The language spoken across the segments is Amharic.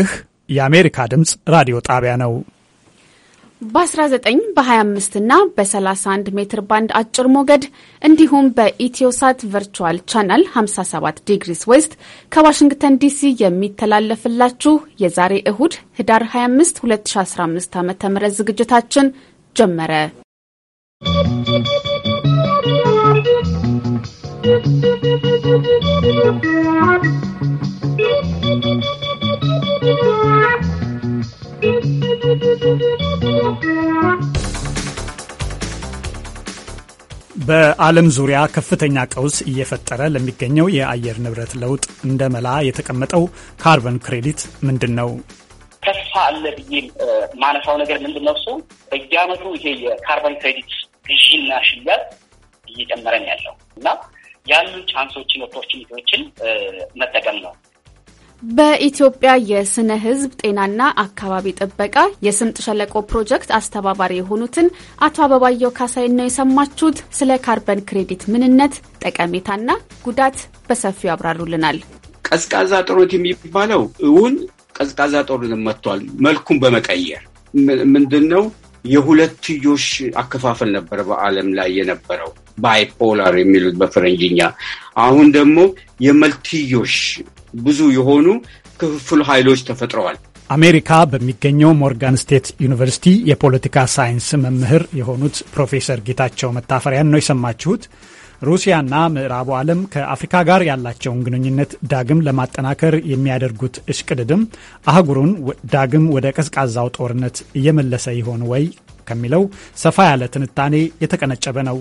ይህ የአሜሪካ ድምፅ ራዲዮ ጣቢያ ነው። በ19 በ25 እና በ31 ሜትር ባንድ አጭር ሞገድ እንዲሁም በኢትዮሳት ቨርቹዋል ቻናል 57 ዲግሪስ ዌስት ከዋሽንግተን ዲሲ የሚተላለፍላችሁ የዛሬ እሁድ ህዳር 25 2015 ዓ ም ዝግጅታችን ጀመረ። ¶¶ በዓለም ዙሪያ ከፍተኛ ቀውስ እየፈጠረ ለሚገኘው የአየር ንብረት ለውጥ እንደ መላ የተቀመጠው ካርበን ክሬዲት ምንድን ነው? ተስፋ አለ ብዬ ማነሳው ነገር ምንድን ነው? እሱ በየዓመቱ ይሄ የካርበን ክሬዲት ግዢና ሽያጭ እየጨመረን ያለው እና ያሉ ቻንሶችን ኦፖርቹኒቲዎችን መጠቀም ነው። በኢትዮጵያ የስነ ህዝብ ጤናና አካባቢ ጥበቃ የስምጥ ሸለቆ ፕሮጀክት አስተባባሪ የሆኑትን አቶ አበባየው ካሳይን ነው የሰማችሁት። ስለ ካርበን ክሬዲት ምንነት፣ ጠቀሜታና ጉዳት በሰፊው ያብራሩልናል። ቀዝቃዛ ጦርነት የሚባለው እውን ቀዝቃዛ ጦርነት መጥቷል። መልኩን በመቀየር ምንድን ነው የሁለትዮሽ አከፋፈል ነበረ በዓለም ላይ የነበረው ባይፖላር የሚሉት በፈረንጅኛ። አሁን ደግሞ የመልትዮሽ ብዙ የሆኑ ክፍፍል ኃይሎች ተፈጥረዋል። አሜሪካ በሚገኘው ሞርጋን ስቴት ዩኒቨርሲቲ የፖለቲካ ሳይንስ መምህር የሆኑት ፕሮፌሰር ጌታቸው መታፈሪያን ነው የሰማችሁት። ሩሲያና ምዕራቡ ዓለም ከአፍሪካ ጋር ያላቸውን ግንኙነት ዳግም ለማጠናከር የሚያደርጉት እሽቅድድም አህጉሩን ዳግም ወደ ቀዝቃዛው ጦርነት እየመለሰ ይሆን ወይ ከሚለው ሰፋ ያለ ትንታኔ የተቀነጨበ ነው።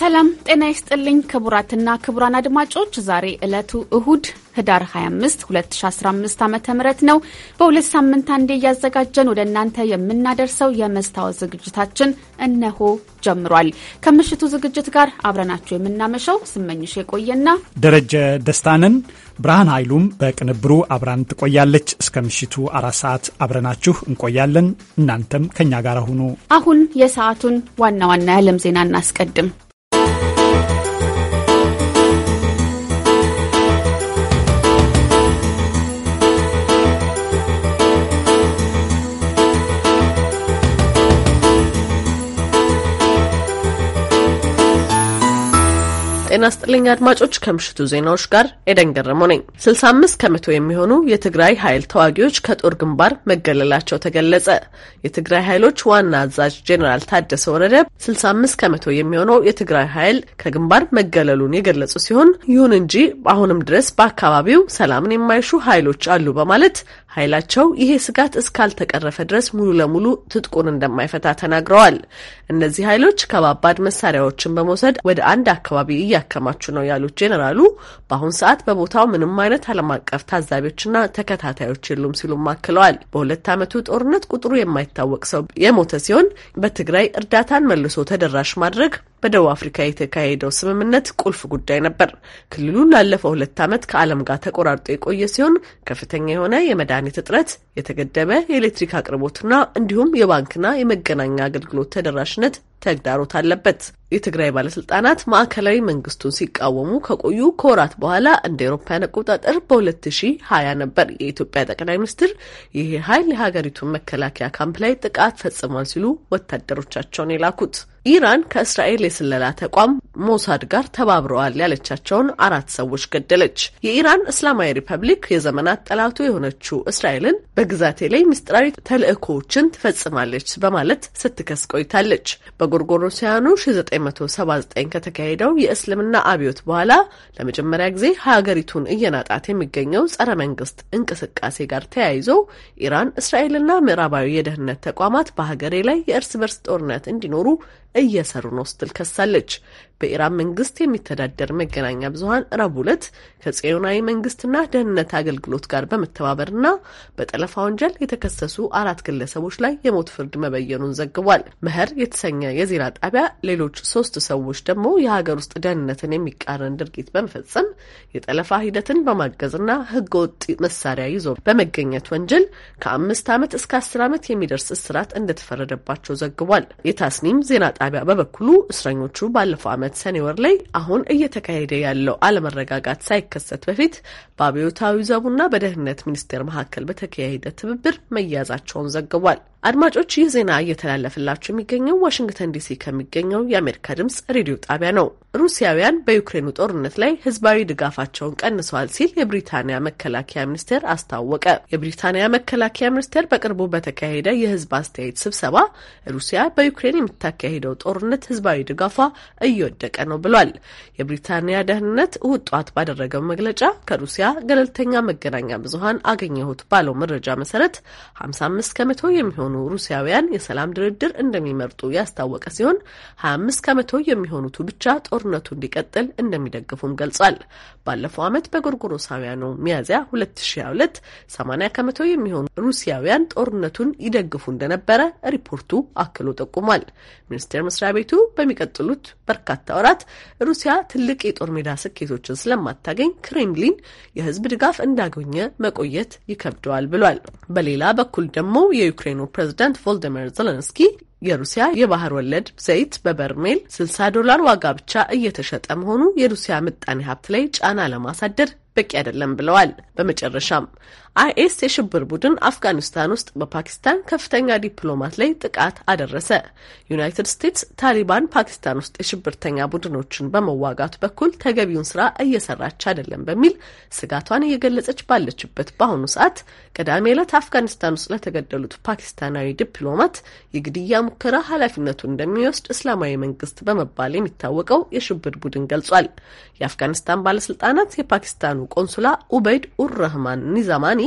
ሰላም ጤና ይስጥልኝ ክቡራትና ክቡራን አድማጮች ዛሬ ዕለቱ እሁድ ህዳር 25 2015 ዓ ም ነው። በሁለት ሳምንት አንዴ እያዘጋጀን ወደ እናንተ የምናደርሰው የመስታወት ዝግጅታችን እነሆ ጀምሯል። ከምሽቱ ዝግጅት ጋር አብረናችሁ የምናመሸው ስመኝሽ የቆየና ደረጀ ደስታንን፣ ብርሃን ኃይሉም በቅንብሩ አብራን ትቆያለች። እስከ ምሽቱ አራት ሰዓት አብረናችሁ እንቆያለን። እናንተም ከእኛ ጋር ሁኑ። አሁን የሰዓቱን ዋና ዋና የዓለም ዜና እናስቀድም። ጤና ስጥልኝ አድማጮች፣ ከምሽቱ ዜናዎች ጋር ኤደን ገረሞ ነኝ። 65 ከመቶ የሚሆኑ የትግራይ ኃይል ተዋጊዎች ከጦር ግንባር መገለላቸው ተገለጸ። የትግራይ ኃይሎች ዋና አዛዥ ጄኔራል ታደሰ ወረደ 65 ከመቶ የሚሆነው የትግራይ ኃይል ከግንባር መገለሉን የገለጹ ሲሆን ይሁን እንጂ አሁንም ድረስ በአካባቢው ሰላምን የማይሹ ኃይሎች አሉ በማለት ኃይላቸው ይሄ ስጋት እስካልተቀረፈ ድረስ ሙሉ ለሙሉ ትጥቁን እንደማይፈታ ተናግረዋል። እነዚህ ኃይሎች ከባባድ መሳሪያዎችን በመውሰድ ወደ አንድ አካባቢ እያከማቹ ነው ያሉት ጄኔራሉ በአሁን ሰዓት በቦታው ምንም አይነት ዓለም አቀፍ ታዛቢዎችና ተከታታዮች የሉም ሲሉም አክለዋል። በሁለት ዓመቱ ጦርነት ቁጥሩ የማይታወቅ ሰው የሞተ ሲሆን በትግራይ እርዳታን መልሶ ተደራሽ ማድረግ በደቡብ አፍሪካ የተካሄደው ስምምነት ቁልፍ ጉዳይ ነበር። ክልሉ ላለፈው ሁለት ዓመት ከዓለም ጋር ተቆራርጦ የቆየ ሲሆን ከፍተኛ የሆነ የመድኃኒት እጥረት፣ የተገደበ የኤሌክትሪክ አቅርቦትና እንዲሁም የባንክና የመገናኛ አገልግሎት ተደራሽነት ተግዳሮት አለበት። የትግራይ ባለስልጣናት ማዕከላዊ መንግስቱን ሲቃወሙ ከቆዩ ከወራት በኋላ እንደ ኤሮፓያን አቆጣጠር በ2020 ነበር የኢትዮጵያ ጠቅላይ ሚኒስትር ይህ ኃይል የሀገሪቱን መከላከያ ካምፕ ላይ ጥቃት ፈጽሟል ሲሉ ወታደሮቻቸውን የላኩት። ኢራን ከእስራኤል የስለላ ተቋም ሞሳድ ጋር ተባብረዋል ያለቻቸውን አራት ሰዎች ገደለች። የኢራን እስላማዊ ሪፐብሊክ የዘመናት ጠላቱ የሆነችው እስራኤልን በግዛቴ ላይ ምስጢራዊ ተልእኮዎችን ትፈጽማለች በማለት ስትከስ ቆይታለች። በጎርጎሮሲያኑ 1979 ከተካሄደው የእስልምና አብዮት በኋላ ለመጀመሪያ ጊዜ ሀገሪቱን እየናጣት የሚገኘው ጸረ መንግስት እንቅስቃሴ ጋር ተያይዞ ኢራን፣ እስራኤልና ምዕራባዊ የደህንነት ተቋማት በሀገሬ ላይ የእርስ በርስ ጦርነት እንዲኖሩ እየሰሩ ነው ስትል ከሳለች። በኢራን መንግስት የሚተዳደር መገናኛ ብዙሀን ረቡዕ ዕለት ከጽዮናዊ መንግስትና ደህንነት አገልግሎት ጋር በመተባበርና በጠለፋ ወንጀል የተከሰሱ አራት ግለሰቦች ላይ የሞት ፍርድ መበየኑን ዘግቧል። መኸር የተሰኘ የዜና ጣቢያ ሌሎች ሶስት ሰዎች ደግሞ የሀገር ውስጥ ደህንነትን የሚቃረን ድርጊት በመፈጸም የጠለፋ ሂደትን በማገዝና ወጥ መሳሪያ ይዞ በመገኘት ወንጀል ከአምስት ዓመት እስከ አስር ዓመት የሚደርስ እስራት እንደተፈረደባቸው ዘግቧል። የታስኒም ዜና ጣቢያ በበኩሉ እስረኞቹ ባለፈው ዓመት ዓመት ሰኔ ወር ላይ አሁን እየተካሄደ ያለው አለመረጋጋት ሳይከሰት በፊት በአብዮታዊ ዘቡና በደህንነት ሚኒስቴር መካከል በተካሄደ ትብብር መያዛቸውን ዘግቧል። አድማጮች ይህ ዜና እየተላለፈላችሁ የሚገኘው ዋሽንግተን ዲሲ ከሚገኘው የአሜሪካ ድምፅ ሬዲዮ ጣቢያ ነው። ሩሲያውያን በዩክሬኑ ጦርነት ላይ ህዝባዊ ድጋፋቸውን ቀንሰዋል ሲል የብሪታንያ መከላከያ ሚኒስቴር አስታወቀ። የብሪታንያ መከላከያ ሚኒስቴር በቅርቡ በተካሄደ የህዝብ አስተያየት ስብሰባ ሩሲያ በዩክሬን የምታካሄደው ጦርነት ህዝባዊ ድጋፏ እየወደቀ ነው ብሏል። የብሪታንያ ደህንነት እሁድ ጧት ባደረገው መግለጫ ከሩሲያ ገለልተኛ መገናኛ ብዙሀን አገኘሁት ባለው መረጃ መሰረት 55 ከመቶ የሚሆ የሚሆኑ ሩሲያውያን የሰላም ድርድር እንደሚመርጡ ያስታወቀ ሲሆን 25 ከመቶ የሚሆኑቱ ብቻ ጦርነቱ እንዲቀጥል እንደሚደግፉም ገልጿል። ባለፈው ዓመት በጎርጎሮሳውያኑ ሚያዝያ 2022 80 ከመቶ የሚሆኑ ሩሲያውያን ጦርነቱን ይደግፉ እንደነበረ ሪፖርቱ አክሎ ጠቁሟል። ሚኒስቴር መስሪያ ቤቱ በሚቀጥሉት በርካታ ወራት ሩሲያ ትልቅ የጦር ሜዳ ስኬቶችን ስለማታገኝ ክሬምሊን የሕዝብ ድጋፍ እንዳገኘ መቆየት ይከብደዋል ብሏል። በሌላ በኩል ደግሞ የዩክሬኑ ፕሬዚዳንት ቮልደሚር ዘለንስኪ የሩሲያ የባህር ወለድ ዘይት በበርሜል 60 ዶላር ዋጋ ብቻ እየተሸጠ መሆኑ የሩሲያ ምጣኔ ሀብት ላይ ጫና ለማሳደር በቂ አይደለም ብለዋል። በመጨረሻም አይኤስ የሽብር ቡድን አፍጋኒስታን ውስጥ በፓኪስታን ከፍተኛ ዲፕሎማት ላይ ጥቃት አደረሰ። ዩናይትድ ስቴትስ ታሊባን ፓኪስታን ውስጥ የሽብርተኛ ቡድኖችን በመዋጋት በኩል ተገቢውን ስራ እየሰራች አይደለም በሚል ስጋቷን እየገለጸች ባለችበት በአሁኑ ሰዓት ቅዳሜ ዕለት አፍጋኒስታን ውስጥ ለተገደሉት ፓኪስታናዊ ዲፕሎማት የግድያ ሙከራ ኃላፊነቱን እንደሚወስድ እስላማዊ መንግስት በመባል የሚታወቀው የሽብር ቡድን ገልጿል። የአፍጋኒስታን ባለስልጣናት የፓኪስታኑ ቆንሱላ ኡበይድ ኡር ረህማን ኒዛማኒ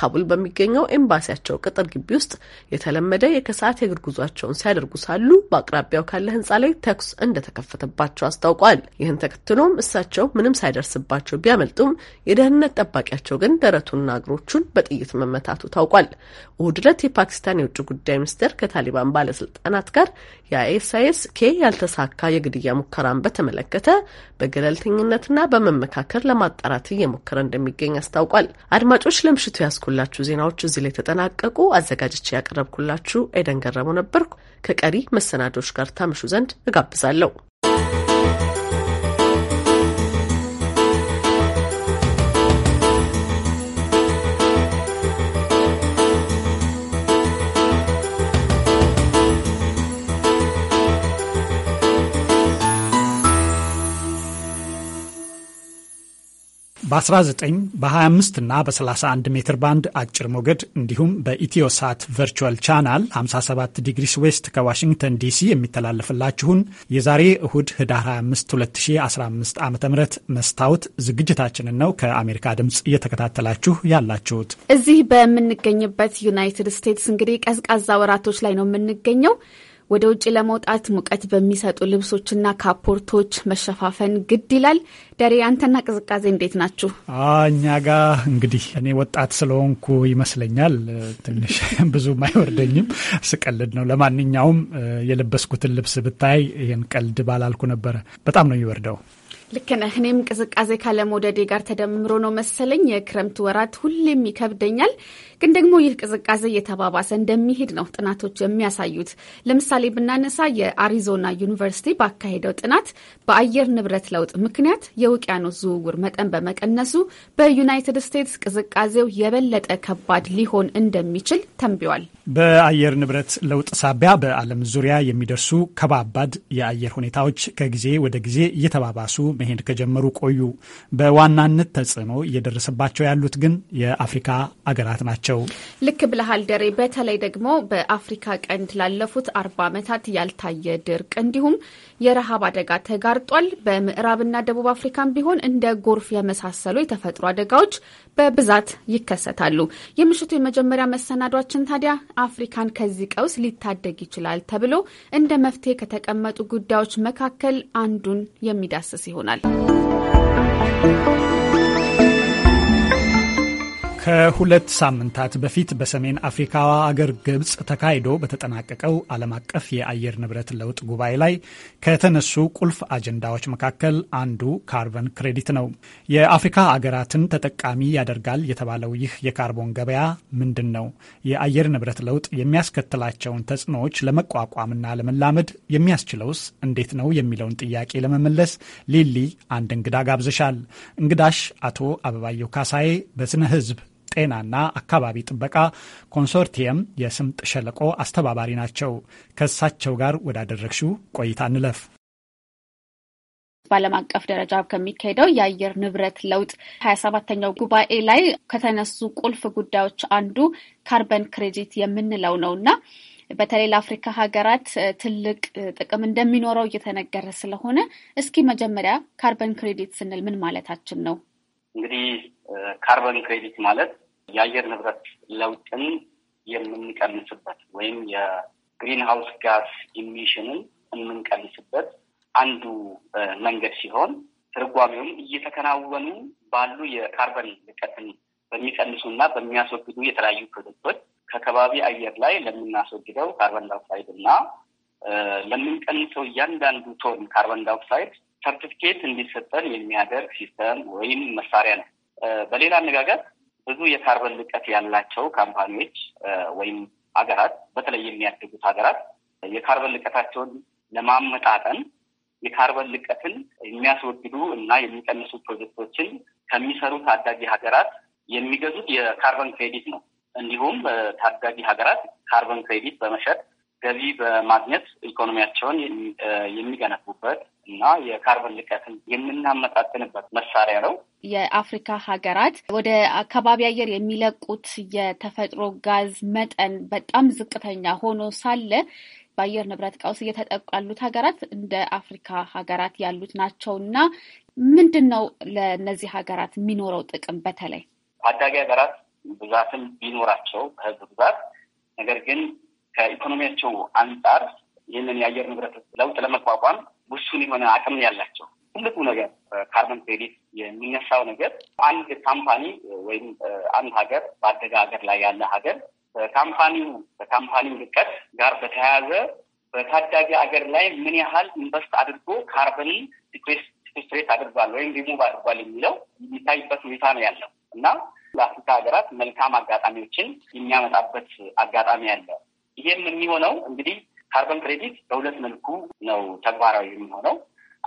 ካቡል በሚገኘው ኤምባሲያቸው ቅጥር ግቢ ውስጥ የተለመደ የከሰዓት የእግር ጉዟቸውን ሲያደርጉ ሳሉ በአቅራቢያው ካለ ህንፃ ላይ ተኩስ እንደተከፈተባቸው አስታውቋል። ይህን ተከትሎም እሳቸው ምንም ሳይደርስባቸው ቢያመልጡም የደህንነት ጠባቂያቸው ግን ደረቱና እግሮቹን በጥይት መመታቱ ታውቋል። እሁድ ዕለት የፓኪስታን የውጭ ጉዳይ ሚኒስቴር ከታሊባን ባለስልጣናት ጋር የአይኤስአይኤስ ኬ ያልተሳካ የግድያ ሙከራን በተመለከተ በገለልተኝነትና በመመካከር ለማጣራት እየሞከረ እንደሚገኝ አስታውቋል። አድማጮች ለምሽቱ ያስ ያስኩላችሁ ዜናዎች እዚህ ላይ ተጠናቀቁ። አዘጋጅቼ ያቀረብኩላችሁ ኤደን ገረመው ነበርኩ። ከቀሪ መሰናዶች ጋር ታምሹ ዘንድ እጋብዛለሁ። በ19 በ25 እና በ31 ሜትር ባንድ አጭር ሞገድ እንዲሁም በኢትዮሳት ቨርቹዋል ቻናል 57 ዲግሪስ ዌስት ከዋሽንግተን ዲሲ የሚተላለፍላችሁን የዛሬ እሁድ ህዳር 25 2015 ዓ ም መስታወት ዝግጅታችንን ነው ከአሜሪካ ድምፅ እየተከታተላችሁ ያላችሁት። እዚህ በምንገኝበት ዩናይትድ ስቴትስ እንግዲህ ቀዝቃዛ ወራቶች ላይ ነው የምንገኘው። ወደ ውጭ ለመውጣት ሙቀት በሚሰጡ ልብሶችና ካፖርቶች መሸፋፈን ግድ ይላል። ደሬ አንተና ቅዝቃዜ እንዴት ናችሁ? እኛ ጋ እንግዲህ እኔ ወጣት ስለሆንኩ ይመስለኛል ትንሽ ብዙም አይወርደኝም፣ ስቀልድ ነው። ለማንኛውም የለበስኩትን ልብስ ብታይ ይህን ቀልድ ባላልኩ ነበረ። በጣም ነው የሚወርደው። ልክ ነህ። እኔም ቅዝቃዜ ካለመውደዴ ጋር ተደምሮ ነው መሰለኝ የክረምት ወራት ሁሌም ይከብደኛል። ግን ደግሞ ይህ ቅዝቃዜ እየተባባሰ እንደሚሄድ ነው ጥናቶች የሚያሳዩት። ለምሳሌ ብናነሳ የአሪዞና ዩኒቨርሲቲ ባካሄደው ጥናት በአየር ንብረት ለውጥ ምክንያት የውቅያኖስ ዝውውር መጠን በመቀነሱ በዩናይትድ ስቴትስ ቅዝቃዜው የበለጠ ከባድ ሊሆን እንደሚችል ተንብዋል። በአየር ንብረት ለውጥ ሳቢያ በዓለም ዙሪያ የሚደርሱ ከባባድ የአየር ሁኔታዎች ከጊዜ ወደ ጊዜ እየተባባሱ መሄድ ከጀመሩ ቆዩ። በዋናነት ተጽዕኖ እየደረሰባቸው ያሉት ግን የአፍሪካ አገራት ናቸው። ናቸው። ልክ ብለሃል ደሬ። በተለይ ደግሞ በአፍሪካ ቀንድ ላለፉት አርባ ዓመታት ያልታየ ድርቅ እንዲሁም የረሃብ አደጋ ተጋርጧል። በምዕራብና ደቡብ አፍሪካም ቢሆን እንደ ጎርፍ የመሳሰሉ የተፈጥሮ አደጋዎች በብዛት ይከሰታሉ። የምሽቱ የመጀመሪያ መሰናዷችን ታዲያ አፍሪካን ከዚህ ቀውስ ሊታደግ ይችላል ተብሎ እንደ መፍትሄ ከተቀመጡ ጉዳዮች መካከል አንዱን የሚዳስስ ይሆናል። ከሁለት ሳምንታት በፊት በሰሜን አፍሪካዋ አገር ግብፅ ተካሂዶ በተጠናቀቀው ዓለም አቀፍ የአየር ንብረት ለውጥ ጉባኤ ላይ ከተነሱ ቁልፍ አጀንዳዎች መካከል አንዱ ካርበን ክሬዲት ነው። የአፍሪካ አገራትን ተጠቃሚ ያደርጋል የተባለው ይህ የካርቦን ገበያ ምንድን ነው? የአየር ንብረት ለውጥ የሚያስከትላቸውን ተጽዕኖዎች ለመቋቋምና ለመላመድ የሚያስችለውስ እንዴት ነው? የሚለውን ጥያቄ ለመመለስ ሊሊ አንድ እንግዳ ጋብዘሻል። እንግዳሽ አቶ አበባየሁ ካሳዬ በስነ ህዝብ ጤናና አካባቢ ጥበቃ ኮንሶርቲየም የስምጥ ሸለቆ አስተባባሪ ናቸው። ከእሳቸው ጋር ወዳደረግሽው ቆይታ እንለፍ። በዓለም አቀፍ ደረጃ ከሚካሄደው የአየር ንብረት ለውጥ ሀያ ሰባተኛው ጉባኤ ላይ ከተነሱ ቁልፍ ጉዳዮች አንዱ ካርበን ክሬዲት የምንለው ነው እና በተለይ ለአፍሪካ ሀገራት ትልቅ ጥቅም እንደሚኖረው እየተነገረ ስለሆነ እስኪ መጀመሪያ ካርበን ክሬዲት ስንል ምን ማለታችን ነው? እንግዲህ ካርበን ክሬዲት ማለት የአየር ንብረት ለውጥን የምንቀንስበት ወይም የግሪን ሃውስ ጋስ ኢሚሽንን የምንቀንስበት አንዱ መንገድ ሲሆን ትርጓሜውም እየተከናወኑ ባሉ የካርበን ልቀትን በሚቀንሱ እና በሚያስወግዱ የተለያዩ ፕሮጀክቶች ከከባቢ አየር ላይ ለምናስወግደው ካርበን ዳይኦክሳይድ እና ለምንቀንሰው እያንዳንዱ ቶን ካርበን ዳይኦክሳይድ ሰርቲፊኬት እንዲሰጠን የሚያደርግ ሲስተም ወይም መሳሪያ ነው። በሌላ አነጋገር ብዙ የካርበን ልቀት ያላቸው ካምፓኒዎች ወይም ሀገራት በተለይ የሚያድጉት ሀገራት የካርበን ልቀታቸውን ለማመጣጠን የካርበን ልቀትን የሚያስወግዱ እና የሚቀንሱ ፕሮጀክቶችን ከሚሰሩ ታዳጊ ሀገራት የሚገዙት የካርበን ክሬዲት ነው። እንዲሁም ታዳጊ ሀገራት ካርበን ክሬዲት በመሸጥ ገቢ በማግኘት ኢኮኖሚያቸውን የሚገነቡበት እና የካርበን ልቀትን የምናመጣጥንበት መሳሪያ ነው። የአፍሪካ ሀገራት ወደ አካባቢ አየር የሚለቁት የተፈጥሮ ጋዝ መጠን በጣም ዝቅተኛ ሆኖ ሳለ በአየር ንብረት ቀውስ እየተጠቁ ያሉት ሀገራት እንደ አፍሪካ ሀገራት ያሉት ናቸው እና ምንድን ነው ለእነዚህ ሀገራት የሚኖረው ጥቅም? በተለይ ታዳጊ ሀገራት ብዛትም ቢኖራቸው ከህዝብ ብዛት ነገር ግን ከኢኮኖሚያቸው አንጻር ይህንን የአየር ንብረት ለውጥ ለመቋቋም ውሱን የሆነ አቅም ያላቸው ትልቁ ነገር ካርቦን ክሬዲት የሚነሳው ነገር አንድ ካምፓኒ ወይም አንድ ሀገር በአደጋ ሀገር ላይ ያለ ሀገር በካምፓኒው በካምፓኒው ልቀት ጋር በተያያዘ በታዳጊ ሀገር ላይ ምን ያህል ኢንቨስት አድርጎ ካርበንን ሲኩስትሬት አድርጓል ወይም ሪሙቭ አድርጓል የሚለው የሚታይበት ሁኔታ ነው ያለው እና ለአፍሪካ ሀገራት መልካም አጋጣሚዎችን የሚያመጣበት አጋጣሚ አለ። ይሄም የሚሆነው እንግዲህ ካርበን ክሬዲት በሁለት መልኩ ነው ተግባራዊ የሚሆነው።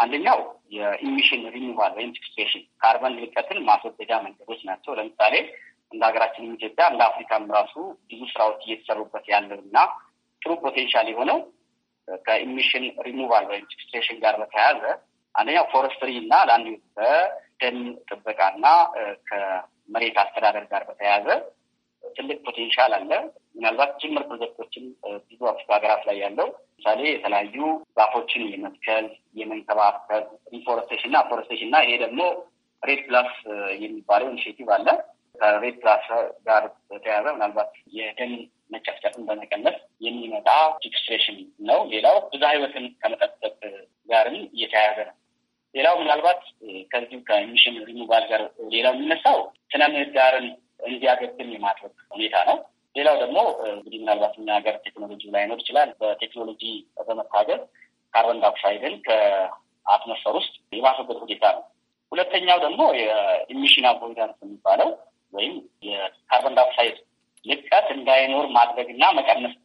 አንደኛው የኢሚሽን ሪሙቫል ወይም ሲክስቴሽን ካርበን ልቀትን ማስወገጃ መንገዶች ናቸው። ለምሳሌ እንደ ሀገራችንም ኢትዮጵያ እንደ አፍሪካም ራሱ ብዙ ስራዎች እየተሰሩበት ያለው እና ጥሩ ፖቴንሻል የሆነው ከኢሚሽን ሪኒቫል ወይም ሲክስቴሽን ጋር በተያያዘ አንደኛው ፎረስትሪ እና ለአንድ ከደን ጥበቃ እና ከመሬት አስተዳደር ጋር በተያያዘ ትልቅ ፖቴንሻል አለ። ምናልባት ጅምር ፕሮጀክቶችን ብዙ አፍሪካ ሀገራት ላይ ያለው ምሳሌ የተለያዩ ዛፎችን የመትከል የመንከባከብ ሪፎረስቴሽን እና አፎረስቴሽን እና ይሄ ደግሞ ሬድ ፕላስ የሚባለው ኢኒሽቲቭ አለ። ከሬድ ፕላስ ጋር በተያያዘ ምናልባት የደን መጨፍጨፍን በመቀነስ የሚመጣ ዲክስትሬሽን ነው። ሌላው ብዙ ህይወትን ከመጠበቅ ጋርም እየተያያዘ ነው። ሌላው ምናልባት ከዚሁ ከኢሚሽን ሪሙቫል ጋር ሌላው የሚነሳው ስነ ምህዳርን እንዲያገግም የማድረግ ሁኔታ ነው። ሌላው ደግሞ እንግዲህ ምናልባት እኛ ሀገር ቴክኖሎጂ ላይኖር ይችላል። በቴክኖሎጂ በመታገዝ ካርበን ዳይኦክሳይድን ከአትሞስፈር ውስጥ የማስወገድ ሁኔታ ነው። ሁለተኛው ደግሞ የኢሚሽን አቮይዳንስ የሚባለው ወይም የካርበን ዳይኦክሳይድ ልቀት እንዳይኖር ማድረግ እና መቀነስ።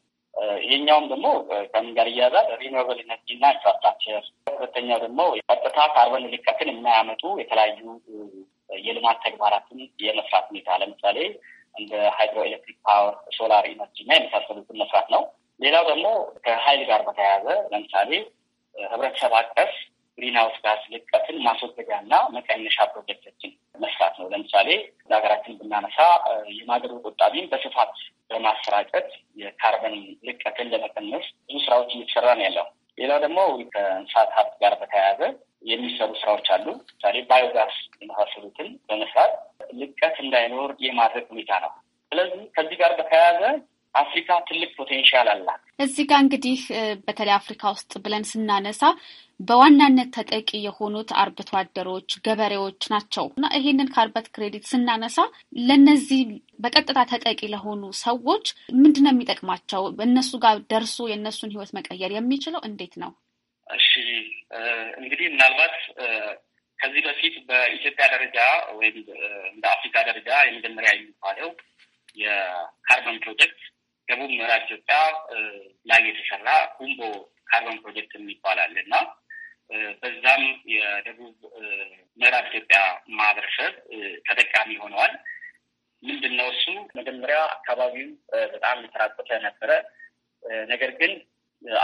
ይሄኛውም ደግሞ ከምን ጋር እያያዛል? ሪኒዌብል ኢነርጂ እና ኢንፍራስትራክቸር። ሁለተኛው ደግሞ ቀጥታ ካርበን ልቀትን የማያመጡ የተለያዩ የልማት ተግባራትን የመስራት ሁኔታ ለምሳሌ እንደ ሃይድሮ ኤሌክትሪክ ፓወር፣ ሶላር ኢነርጂ እና የመሳሰሉትን መስራት ነው። ሌላው ደግሞ ከሀይል ጋር በተያያዘ ለምሳሌ ህብረተሰብ አቀፍ ግሪንሃውስ ጋስ ልቀትን ማስወገጃ እና መቀነሻ ፕሮጀክቶችን መስራት ነው። ለምሳሌ ለሀገራችን ብናነሳ የማገዶ ቆጣቢን በስፋት በማሰራጨት የካርበን ልቀትን ለመቀነስ ብዙ ስራዎች እየተሰራ ነው ያለው። ሌላው ደግሞ ከእንስሳት ሀብት ጋር በተያያዘ የሚሰሩ ስራዎች አሉ። ምሳሌ ባዮጋስ የመሳሰሉትን በመስራት ልቀት እንዳይኖር የማድረግ ሁኔታ ነው። ስለዚህ ከዚህ ጋር በተያያዘ አፍሪካ ትልቅ ፖቴንሻል አላት። እዚህ ጋር እንግዲህ በተለይ አፍሪካ ውስጥ ብለን ስናነሳ በዋናነት ተጠቂ የሆኑት አርብቶ አደሮች፣ ገበሬዎች ናቸው እና ይሄንን ካርበት ክሬዲት ስናነሳ ለነዚህ በቀጥታ ተጠቂ ለሆኑ ሰዎች ምንድን ነው የሚጠቅማቸው? እነሱ ጋር ደርሶ የእነሱን ህይወት መቀየር የሚችለው እንዴት ነው? እሺ እንግዲህ ምናልባት ከዚህ በፊት በኢትዮጵያ ደረጃ ወይም እንደ አፍሪካ ደረጃ የመጀመሪያ የሚባለው የካርበን ፕሮጀክት ደቡብ ምዕራብ ኢትዮጵያ ላይ የተሰራ ሁምቦ ካርበን ፕሮጀክት የሚባላል እና በዛም የደቡብ ምዕራብ ኢትዮጵያ ማህበረሰብ ተጠቃሚ ሆነዋል። ምንድን ነው እሱ መጀመሪያ አካባቢው በጣም የተራቆተ ነበረ። ነገር ግን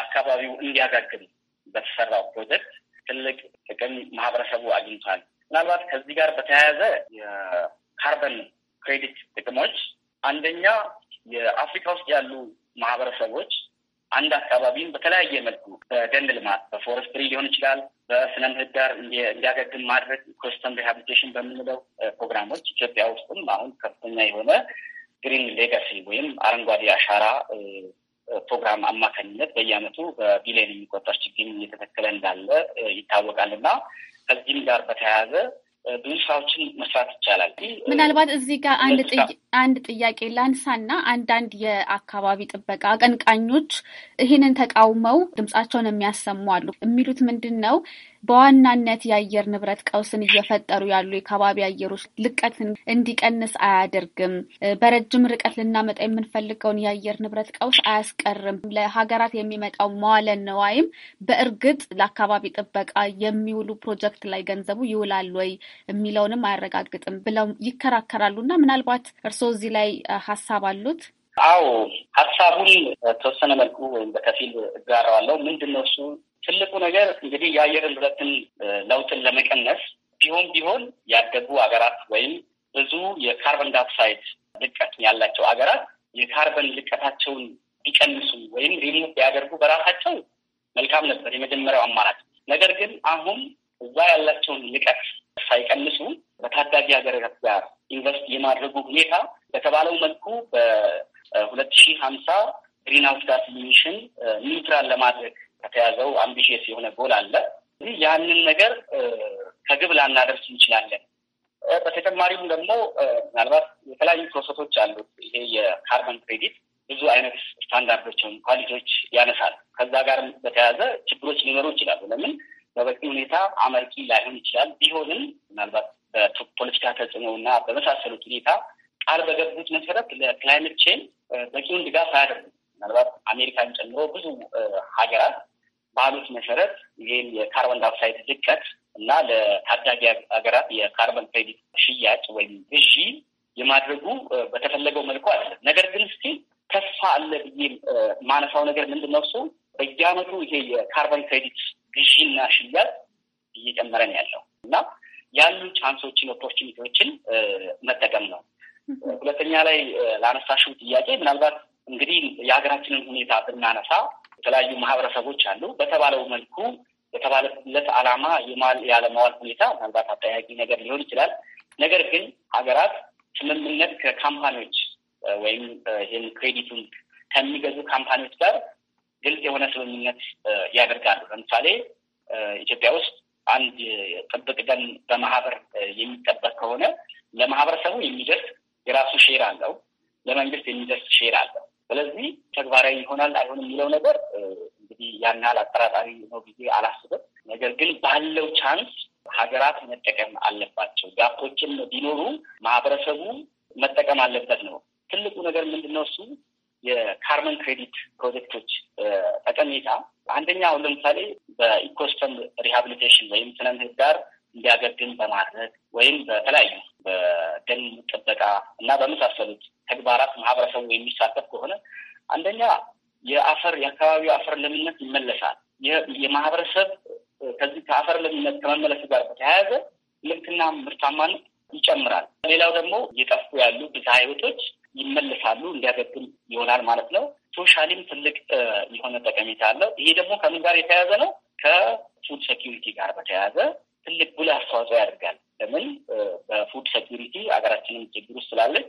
አካባቢው እንዲያጋግም በተሰራው ፕሮጀክት ትልቅ ጥቅም ማህበረሰቡ አግኝቷል። ምናልባት ከዚህ ጋር በተያያዘ የካርበን ክሬዲት ጥቅሞች አንደኛ የአፍሪካ ውስጥ ያሉ ማህበረሰቦች አንድ አካባቢን በተለያየ መልኩ በደን ልማት በፎረስትሪ ሊሆን ይችላል፣ በስነ ምህዳር እንዲያገግም ማድረግ ኮስተም ሪሃቢሊቴሽን በምንለው ፕሮግራሞች ኢትዮጵያ ውስጥም አሁን ከፍተኛ የሆነ ግሪን ሌጋሲ ወይም አረንጓዴ አሻራ ፕሮግራም አማካኝነት በየአመቱ በቢሊዮን የሚቆጠር ችግኝ እየተተከለ እንዳለ ይታወቃል እና ከዚህም ጋር በተያያዘ ብዙ ስራዎችን መስራት ይቻላል። ምናልባት እዚህ ጋር አንድ ጥያቄ ላንሳና አንዳንድ የአካባቢ ጥበቃ አቀንቃኞች ይህንን ተቃውመው ድምጻቸውን የሚያሰሙ አሉ። የሚሉት ምንድን ነው በዋናነት የአየር ንብረት ቀውስን እየፈጠሩ ያሉ የከባቢ አየሮች ልቀትን እንዲቀንስ አያደርግም። በረጅም ርቀት ልናመጣ የምንፈልገውን የአየር ንብረት ቀውስ አያስቀርም። ለሀገራት የሚመጣው መዋለ ነዋይም በእርግጥ ለአካባቢ ጥበቃ የሚውሉ ፕሮጀክት ላይ ገንዘቡ ይውላል ወይ የሚለውንም አያረጋግጥም ብለው ይከራከራሉ እና ምናልባት እርስዎ እዚህ ላይ ሀሳብ አሉት? አዎ ሀሳቡን ተወሰነ መልኩ ወይም በከፊል እጋራዋለሁ። ምንድን ነው እሱ ትልቁ ነገር እንግዲህ የአየር ንብረትን ለውጥን ለመቀነስ ቢሆን ቢሆን ያደጉ ሀገራት ወይም ብዙ የካርበን ዳይኦክሳይድ ልቀት ያላቸው ሀገራት የካርበን ልቀታቸውን ቢቀንሱ ወይም ሪሙቭ ቢያደርጉ በራሳቸው መልካም ነበር የመጀመሪያው አማራጭ። ነገር ግን አሁን እዛ ያላቸውን ልቀት ሳይቀንሱ በታዳጊ ሀገራት ጋር ኢንቨስት የማድረጉ ሁኔታ በተባለው መልኩ በሁለት ሺህ ሀምሳ ግሪንሃውስ ሃውስ ጋዝ ኢሚሽን ኒውትራል ለማድረግ ከተያዘው አምቢሽስ የሆነ ጎል አለ። እዚህ ያንን ነገር ከግብ ላናደርስ እንችላለን። በተጨማሪም ደግሞ ምናልባት የተለያዩ ፕሮሰሶች አሉት። ይሄ የካርበን ክሬዲት ብዙ አይነት ስታንዳርዶችን ኳሊቲዎች ያነሳል። ከዛ ጋርም በተያያዘ ችግሮች ሊኖሩ ይችላሉ። ለምን በበቂ ሁኔታ አመርቂ ላይሆን ይችላል። ቢሆንም ምናልባት በፖለቲካ ተጽዕኖ እና በመሳሰሉት ሁኔታ ቃል በገቡት መሰረት ለክላይመት ቼንጅ በቂውን ድጋፍ አያደርጉም። ምናልባት አሜሪካን ጨምሮ ብዙ ሀገራት ባሉት መሰረት ይህም የካርቦን ዳይኦክሳይድ ልቀት እና ለታዳጊ ሀገራት የካርቦን ክሬዲት ሽያጭ ወይም ግዢ የማድረጉ በተፈለገው መልኩ አይደለም። ነገር ግን እስኪ ተስፋ አለ ብዬ ማነሳው ነገር ምንድን ነው? እሱ በየአመቱ ይሄ የካርቦን ክሬዲት ግዢና ሽያጭ እየጨመረ ነው ያለው እና ያሉ ቻንሶችን ኦፖርቹኒቲዎችን መጠቀም ነው። ሁለተኛ ላይ ላነሳሽው ጥያቄ ምናልባት እንግዲህ የሀገራችንን ሁኔታ ብናነሳ የተለያዩ ማህበረሰቦች አሉ። በተባለው መልኩ በተባለለት ዓላማ ያለመዋል ሁኔታ ምናልባት አጠያቂ ነገር ሊሆን ይችላል። ነገር ግን ሀገራት ስምምነት ከካምፓኒዎች ወይም ይህን ክሬዲቱን ከሚገዙ ካምፓኒዎች ጋር ግልጽ የሆነ ስምምነት ያደርጋሉ። ለምሳሌ ኢትዮጵያ ውስጥ አንድ ጥብቅ ደን በማህበር የሚጠበቅ ከሆነ ለማህበረሰቡ የሚደርስ የራሱ ሼር አለው፣ ለመንግስት የሚደርስ ሼር አለው። ስለዚህ ተግባራዊ ይሆናል አይሆንም የሚለው ነገር እንግዲህ ያን ያህል አጠራጣሪ ነው ጊዜ አላስብም። ነገር ግን ባለው ቻንስ ሀገራት መጠቀም አለባቸው። ጋፖችም ቢኖሩ ማህበረሰቡ መጠቀም አለበት ነው። ትልቁ ነገር ምንድን ነው እሱ የካርበን ክሬዲት ፕሮጀክቶች ጠቀሜታ አንደኛ፣ አሁን ለምሳሌ በኢኮሲስተም ሪሃብሊቴሽን ወይም ስነ ምህዳር እንዲያገግም በማድረግ ወይም በተለያዩ በደን ጥበቃ እና በመሳሰሉት ተግባራት ማህበረሰቡ የሚሳተፍ ከሆነ አንደኛ የአፈር የአካባቢው አፈር ለምነት ይመለሳል። የማህበረሰብ ከዚህ ከአፈር ለምነት ከመመለስ ጋር በተያያዘ ምርትና ምርታማነት ይጨምራል። ሌላው ደግሞ እየጠፉ ያሉ ብዝሃ ህይወቶች ይመለሳሉ፣ እንዲያገግም ይሆናል ማለት ነው። ሶሻሊም ትልቅ የሆነ ጠቀሜታ አለው። ይሄ ደግሞ ከምን ጋር የተያያዘ ነው? ከፉድ ሴኪሪቲ ጋር በተያያዘ ትልቅ ጉልህ አስተዋጽኦ ያደርጋል። ለምን በፉድ ሴኪሪቲ ሀገራችንም ችግር ውስጥ ስላለች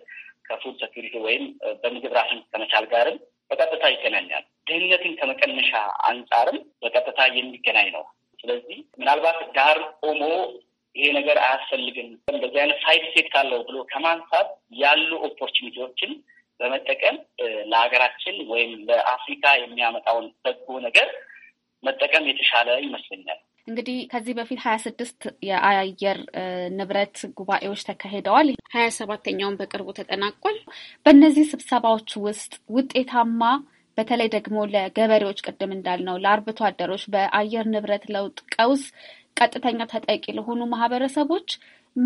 ከፉድ ሴኪሪቲ ወይም በምግብ ራስን ከመቻል ጋርም በቀጥታ ይገናኛል። ድህነትን ከመቀነሻ አንጻርም በቀጥታ የሚገናኝ ነው። ስለዚህ ምናልባት ዳር ቆሞ ይሄ ነገር አያስፈልግም እንደዚህ አይነት ሳይድ ኢፌክት አለው ብሎ ከማንሳት ያሉ ኦፖርቹኒቲዎችን በመጠቀም ለሀገራችን ወይም ለአፍሪካ የሚያመጣውን በጎ ነገር መጠቀም የተሻለ ይመስለኛል። እንግዲህ ከዚህ በፊት ሀያ ስድስት የአየር ንብረት ጉባኤዎች ተካሂደዋል። ሀያ ሰባተኛውን በቅርቡ ተጠናቋል። በእነዚህ ስብሰባዎች ውስጥ ውጤታማ በተለይ ደግሞ ለገበሬዎች ቅድም እንዳልነው ለአርብቶ አደሮች በአየር ንብረት ለውጥ ቀውስ ቀጥተኛ ተጠቂ ለሆኑ ማህበረሰቦች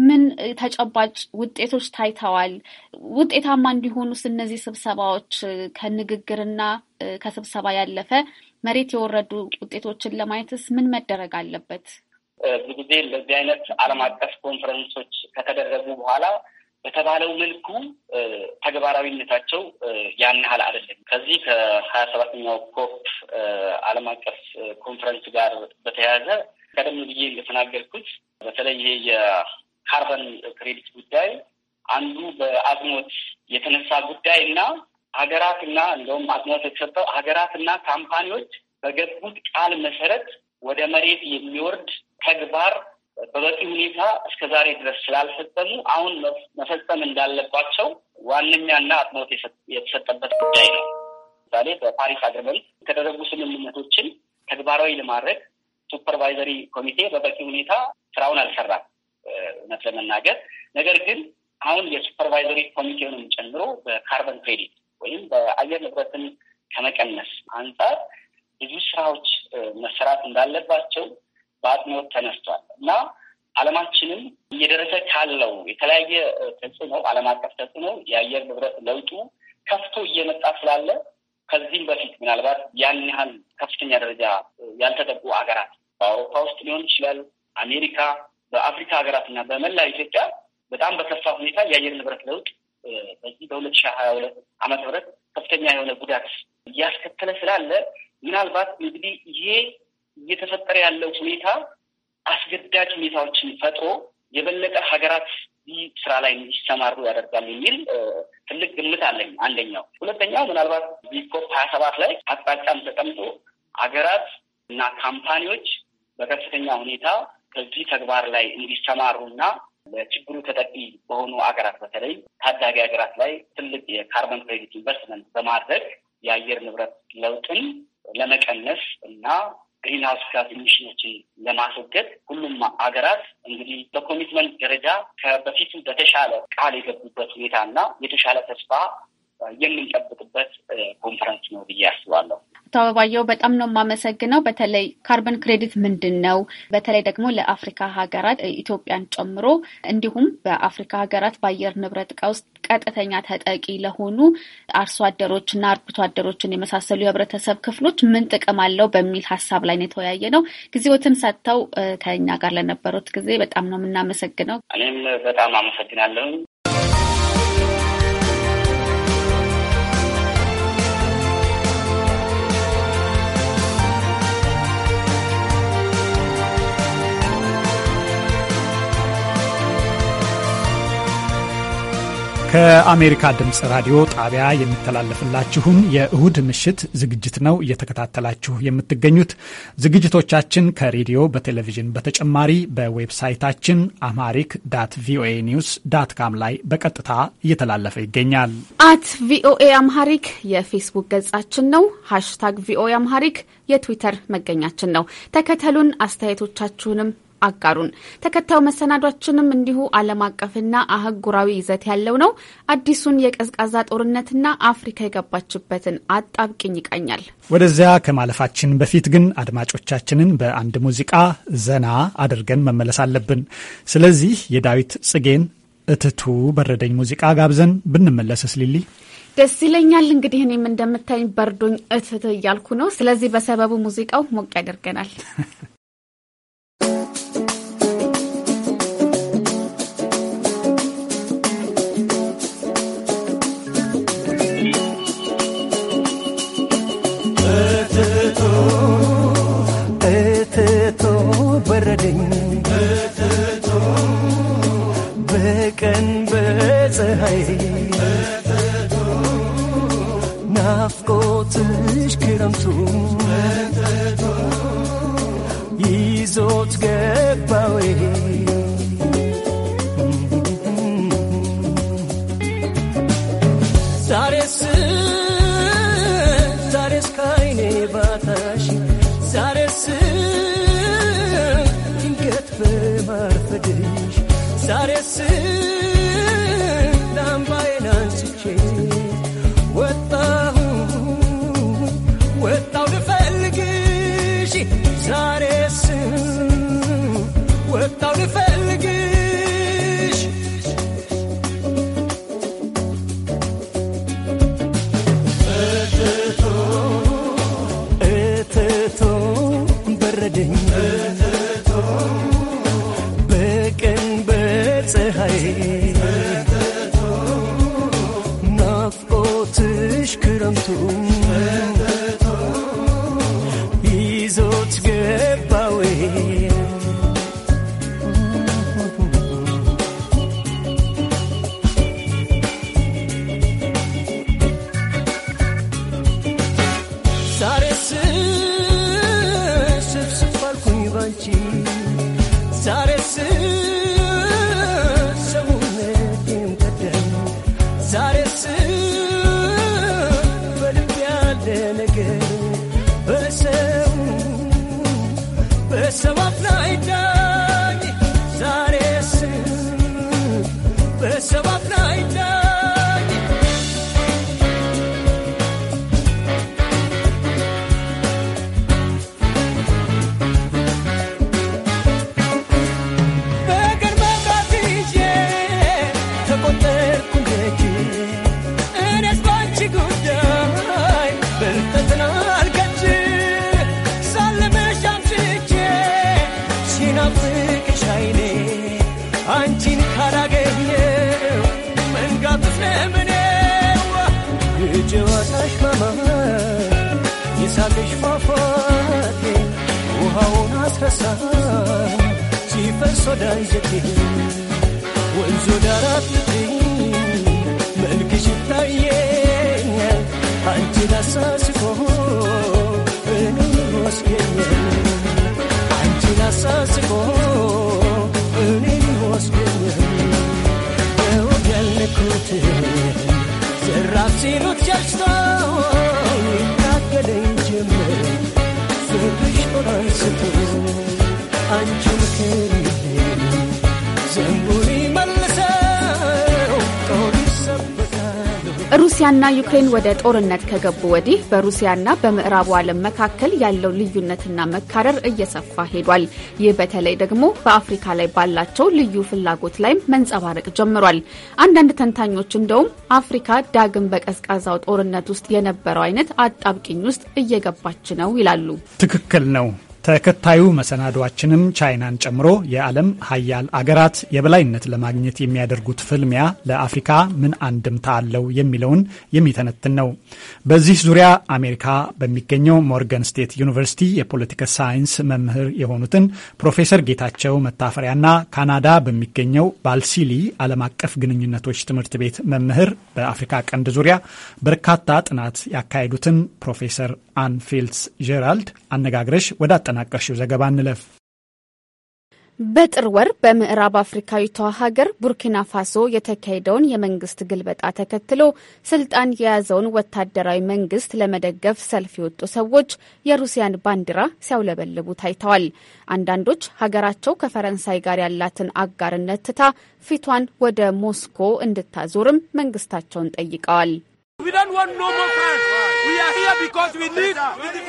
ምን ተጨባጭ ውጤቶች ታይተዋል? ውጤታማ እንዲሆኑስ እነዚህ ስብሰባዎች ከንግግርና ከስብሰባ ያለፈ መሬት የወረዱ ውጤቶችን ለማየትስ ምን መደረግ አለበት? ብዙ ጊዜ እንደዚህ አይነት ዓለም አቀፍ ኮንፈረንሶች ከተደረጉ በኋላ በተባለው መልኩ ተግባራዊነታቸው ያን ያህል አይደለም። ከዚህ ከሀያ ሰባተኛው ኮፕ ዓለም አቀፍ ኮንፈረንስ ጋር በተያያዘ ቀደም ብዬ እንደተናገርኩት በተለይ ይሄ የካርበን ክሬዲት ጉዳይ አንዱ በአጽንኦት የተነሳ ጉዳይ እና ሀገራትና እንደውም አጽንኦት የተሰጠው ሀገራትና ካምፓኒዎች በገቡት ቃል መሰረት ወደ መሬት የሚወርድ ተግባር በበቂ ሁኔታ እስከ ዛሬ ድረስ ስላልፈጸሙ አሁን መፈጸም እንዳለባቸው ዋነኛና አጽንኦት የተሰጠበት ጉዳይ ነው። ምሳሌ በፓሪስ አግሪመንት የተደረጉ ስምምነቶችን ተግባራዊ ለማድረግ ሱፐርቫይዘሪ ኮሚቴ በበቂ ሁኔታ ስራውን አልሰራም፣ እውነት ለመናገር ነገር ግን አሁን የሱፐርቫይዘሪ ኮሚቴውንም ጨምሮ በካርበን ክሬዲት ወይም በአየር ንብረትን ከመቀነስ አንጻር ብዙ ስራዎች መሰራት እንዳለባቸው በአጥኖት ተነስቷል እና ዓለማችንም እየደረሰ ካለው የተለያየ ተጽዕኖ ዓለም አቀፍ ተጽዕኖ የአየር ንብረት ለውጡ ከፍቶ እየመጣ ስላለ ከዚህም በፊት ምናልባት ያን ያህል ከፍተኛ ደረጃ ያልተጠቁ ሀገራት በአውሮፓ ውስጥ ሊሆን ይችላል፣ አሜሪካ፣ በአፍሪካ ሀገራት እና በመላ ኢትዮጵያ በጣም በከፋ ሁኔታ የአየር ንብረት ለውጥ በዚህ በሁለት ሺ ሀያ ሁለት ዓመተ ምህረት ከፍተኛ የሆነ ጉዳት እያስከተለ ስላለ ምናልባት እንግዲህ ይሄ እየተፈጠረ ያለው ሁኔታ አስገዳጅ ሁኔታዎችን ፈጥሮ የበለጠ ሀገራት ስራ ላይ እንዲሰማሩ ያደርጋል የሚል ትልቅ ግምት አለኝ። አንደኛው ሁለተኛው ምናልባት ቢኮፕ ሀያ ሰባት ላይ አቅጣጫም ተቀምጦ ሀገራት እና ካምፓኒዎች በከፍተኛ ሁኔታ ከዚህ ተግባር ላይ እንዲሰማሩ እና ለችግሩ ተጠቂ በሆኑ ሀገራት በተለይ ታዳጊ ሀገራት ላይ ትልቅ የካርቦን ክሬዲት ኢንቨስትመንት በማድረግ የአየር ንብረት ለውጥን ለመቀነስ እና ግሪንሃውስ ጋዝ ኢሚሽኖችን ለማስወገድ ሁሉም ሀገራት እንግዲህ በኮሚትመንት ደረጃ ከበፊቱ በተሻለ ቃል የገቡበት ሁኔታ እና የተሻለ ተስፋ የምንጠብቅበት ኮንፈረንስ ነው ብያ አበባየው በጣም ነው የማመሰግነው። በተለይ ካርበን ክሬዲት ምንድን ነው? በተለይ ደግሞ ለአፍሪካ ሀገራት ኢትዮጵያን ጨምሮ እንዲሁም በአፍሪካ ሀገራት በአየር ንብረት ቀውስ ቀጥተኛ ተጠቂ ለሆኑ አርሶ አደሮች እና አርብቶ አደሮችን የመሳሰሉ የህብረተሰብ ክፍሎች ምን ጥቅም አለው በሚል ሀሳብ ላይ የተወያየ ነው። ጊዜዎትን ሰጥተው ከኛ ጋር ለነበሩት ጊዜ በጣም ነው የምናመሰግነው። እኔም በጣም አመሰግናለሁ። ከአሜሪካ ድምፅ ራዲዮ ጣቢያ የሚተላለፍላችሁን የእሁድ ምሽት ዝግጅት ነው እየተከታተላችሁ የምትገኙት። ዝግጅቶቻችን ከሬዲዮ በቴሌቪዥን በተጨማሪ በዌብሳይታችን አምሃሪክ ዳት ቪኦኤ ኒውስ ዳት ካም ላይ በቀጥታ እየተላለፈ ይገኛል። አት ቪኦኤ አምሃሪክ የፌስቡክ ገጻችን ነው። ሃሽታግ ቪኦኤ አምሃሪክ የትዊተር መገኛችን ነው። ተከተሉን፣ አስተያየቶቻችሁንም አጋሩን። ተከታዩ መሰናዷችንም እንዲሁ ዓለም አቀፍና አህጉራዊ ይዘት ያለው ነው። አዲሱን የቀዝቃዛ ጦርነትና አፍሪካ የገባችበትን አጣብቅኝ ይቃኛል። ወደዚያ ከማለፋችን በፊት ግን አድማጮቻችንን በአንድ ሙዚቃ ዘና አድርገን መመለስ አለብን። ስለዚህ የዳዊት ጽጌን እትቱ በረደኝ ሙዚቃ ጋብዘን ብንመለስስ ሊሊ ደስ ይለኛል። እንግዲህ እኔም እንደምታኝ በርዶኝ እትት እያልኩ ነው። ስለዚህ በሰበቡ ሙዚቃው ሞቅ ያደርገናል። وهاو ناس وهون عسفسان سيفرس ودايزتي وانزو دارات انتي ملك جتايين انت لاساسكو اني وسكين انت لاساسكو اني وسكين يوم يلكوتي زراب سينوت جلشتو ሩሲያና ዩክሬን ወደ ጦርነት ከገቡ ወዲህ በሩሲያና በምዕራቡ ዓለም መካከል ያለው ልዩነትና መካረር እየሰፋ ሄዷል። ይህ በተለይ ደግሞ በአፍሪካ ላይ ባላቸው ልዩ ፍላጎት ላይም መንጸባረቅ ጀምሯል። አንዳንድ ተንታኞች እንደውም አፍሪካ ዳግም በቀዝቃዛው ጦርነት ውስጥ የነበረው አይነት አጣብቂኝ ውስጥ እየገባች ነው ይላሉ። ትክክል ነው። ተከታዩ መሰናዷችንም ቻይናን ጨምሮ የዓለም ሀያል አገራት የበላይነት ለማግኘት የሚያደርጉት ፍልሚያ ለአፍሪካ ምን አንድምታ አለው የሚለውን የሚተነትን ነው። በዚህ ዙሪያ አሜሪካ በሚገኘው ሞርገን ስቴት ዩኒቨርሲቲ የፖለቲካ ሳይንስ መምህር የሆኑትን ፕሮፌሰር ጌታቸው መታፈሪያና ካናዳ በሚገኘው ባልሲሊ ዓለም አቀፍ ግንኙነቶች ትምህርት ቤት መምህር በአፍሪካ ቀንድ ዙሪያ በርካታ ጥናት ያካሄዱትን ፕሮፌሰር አንፊልስ ጄራልድ አነጋግረሽ ወደ አጠናቀርሽው ዘገባ እንለፍ። በጥር ወር በምዕራብ አፍሪካዊቷ ሀገር ቡርኪና ፋሶ የተካሄደውን የመንግስት ግልበጣ ተከትሎ ስልጣን የያዘውን ወታደራዊ መንግስት ለመደገፍ ሰልፍ የወጡ ሰዎች የሩሲያን ባንዲራ ሲያውለበልቡ ታይተዋል። አንዳንዶች ሀገራቸው ከፈረንሳይ ጋር ያላትን አጋርነት ትታ ፊቷን ወደ ሞስኮ እንድታዞርም መንግስታቸውን ጠይቀዋል።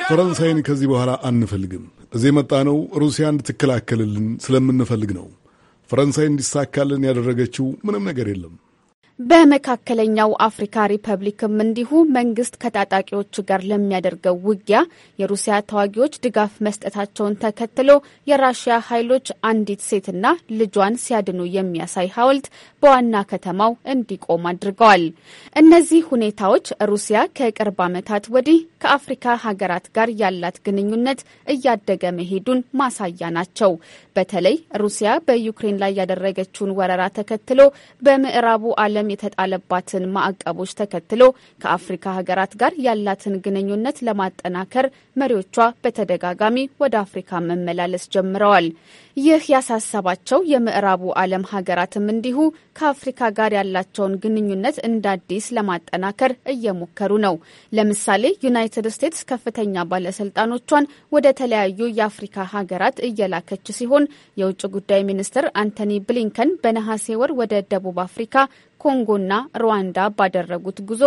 ፈረንሳይን ከዚህ በኋላ አንፈልግም። እዚህ ነው ሩሲያ እንድትከላከልልን ስለምንፈልግ ነው። ፈረንሳይ እንዲሳካልን ያደረገችው ምንም ነገር የለም። በመካከለኛው አፍሪካ ሪፐብሊክም እንዲሁ መንግስት ከታጣቂዎቹ ጋር ለሚያደርገው ውጊያ የሩሲያ ተዋጊዎች ድጋፍ መስጠታቸውን ተከትሎ የራሽያ ኃይሎች አንዲት ሴትና ልጇን ሲያድኑ የሚያሳይ ሐውልት በዋና ከተማው እንዲቆም አድርገዋል። እነዚህ ሁኔታዎች ሩሲያ ከቅርብ ዓመታት ወዲህ ከአፍሪካ ሀገራት ጋር ያላት ግንኙነት እያደገ መሄዱን ማሳያ ናቸው። በተለይ ሩሲያ በዩክሬን ላይ ያደረገችውን ወረራ ተከትሎ በምዕራቡ ዓለም የተጣለባትን ማዕቀቦች ተከትሎ ከአፍሪካ ሀገራት ጋር ያላትን ግንኙነት ለማጠናከር መሪዎቿ በተደጋጋሚ ወደ አፍሪካ መመላለስ ጀምረዋል። ይህ ያሳሰባቸው የምዕራቡ ዓለም ሀገራትም እንዲሁ ከአፍሪካ ጋር ያላቸውን ግንኙነት እንደ አዲስ ለማጠናከር እየሞከሩ ነው። ለምሳሌ ዩናይት ዩናይትድ ስቴትስ ከፍተኛ ባለስልጣኖቿን ወደ ተለያዩ የአፍሪካ ሀገራት እየላከች ሲሆን የውጭ ጉዳይ ሚኒስትር አንቶኒ ብሊንከን በነሐሴ ወር ወደ ደቡብ አፍሪካ ኮንጎና ሩዋንዳ ባደረጉት ጉዞ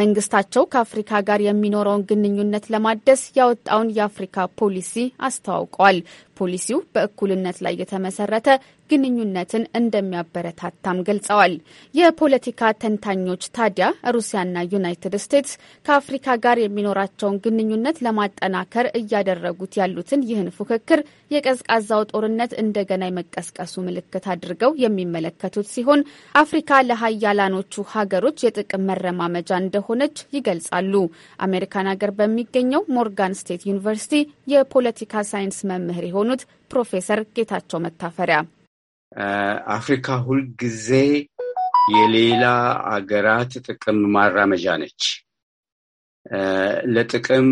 መንግስታቸው ከአፍሪካ ጋር የሚኖረውን ግንኙነት ለማደስ ያወጣውን የአፍሪካ ፖሊሲ አስተዋውቀዋል። ፖሊሲው በእኩልነት ላይ የተመሰረተ ግንኙነትን እንደሚያበረታታም ገልጸዋል። የፖለቲካ ተንታኞች ታዲያ ሩሲያና ዩናይትድ ስቴትስ ከአፍሪካ ጋር የሚኖራቸውን ግንኙነት ለማጠናከር እያደረጉት ያሉትን ይህን ፉክክር የቀዝቃዛው ጦርነት እንደገና የመቀስቀሱ ምልክት አድርገው የሚመለከቱት ሲሆን አፍሪካ ለሀያላኖቹ ሀገሮች የጥቅም መረማመጃ እንደሆነች ይገልጻሉ። አሜሪካን ሀገር በሚገኘው ሞርጋን ስቴት ዩኒቨርሲቲ የፖለቲካ ሳይንስ መምህር የሆኑት ፕሮፌሰር ጌታቸው መታፈሪያ አፍሪካ ሁልጊዜ የሌላ አገራት ጥቅም ማራመጃ ነች። ለጥቅም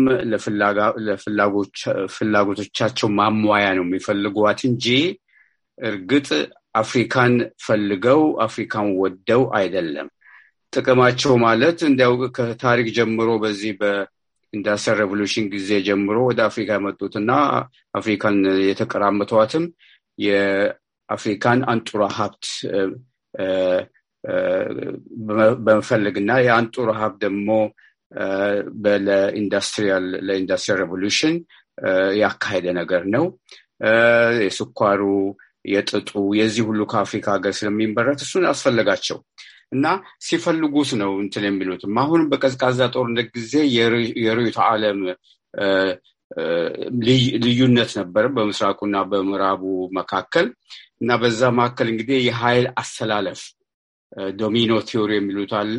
ለፍላጎቶቻቸው ማሟያ ነው የሚፈልጓት እንጂ እርግጥ አፍሪካን ፈልገው አፍሪካን ወደው አይደለም። ጥቅማቸው ማለት እንዲያው ከታሪክ ጀምሮ በዚህ በኢንዳስትሪ ሬቮሉሽን ጊዜ ጀምሮ ወደ አፍሪካ የመጡትና አፍሪካን የተቀራመቷትም አፍሪካን አንጡራ ሀብት በመፈለግና የአንጡራ ሀብት ደግሞ ለኢንዱስትሪያል ለኢንዱስትሪያል ሬቮሉሽን ያካሄደ ነገር ነው። የስኳሩ፣ የጥጡ የዚህ ሁሉ ከአፍሪካ ሀገር ስለሚመረት እሱን አስፈለጋቸው እና ሲፈልጉት ነው እንትን የሚሉትም አሁን በቀዝቃዛ ጦርነት ጊዜ የርዕዮተ ዓለም ልዩነት ነበር በምስራቁና በምዕራቡ መካከል። እና በዛ መካከል እንግዲህ የኃይል አሰላለፍ ዶሚኖ ቲዮሪ የሚሉት አለ።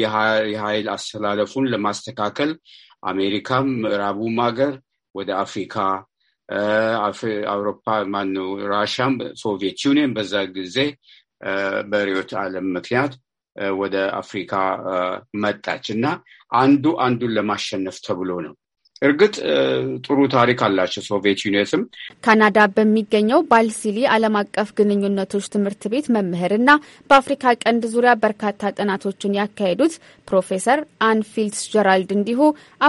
የኃይል አሰላለፉን ለማስተካከል አሜሪካም ምዕራቡም ሀገር ወደ አፍሪካ አውሮፓ ማነው ራሽያም ሶቪየት ዩኒየን በዛ ጊዜ በርዕዮተ ዓለም ምክንያት ወደ አፍሪካ መጣች እና አንዱ አንዱን ለማሸነፍ ተብሎ ነው እርግጥ ጥሩ ታሪክ አላቸው። ሶቪየት ዩኒየትም ካናዳ በሚገኘው ባልሲሊ ዓለም አቀፍ ግንኙነቶች ትምህርት ቤት መምህርና በአፍሪካ ቀንድ ዙሪያ በርካታ ጥናቶችን ያካሄዱት ፕሮፌሰር አንፊልድስ ጀራልድ እንዲሁ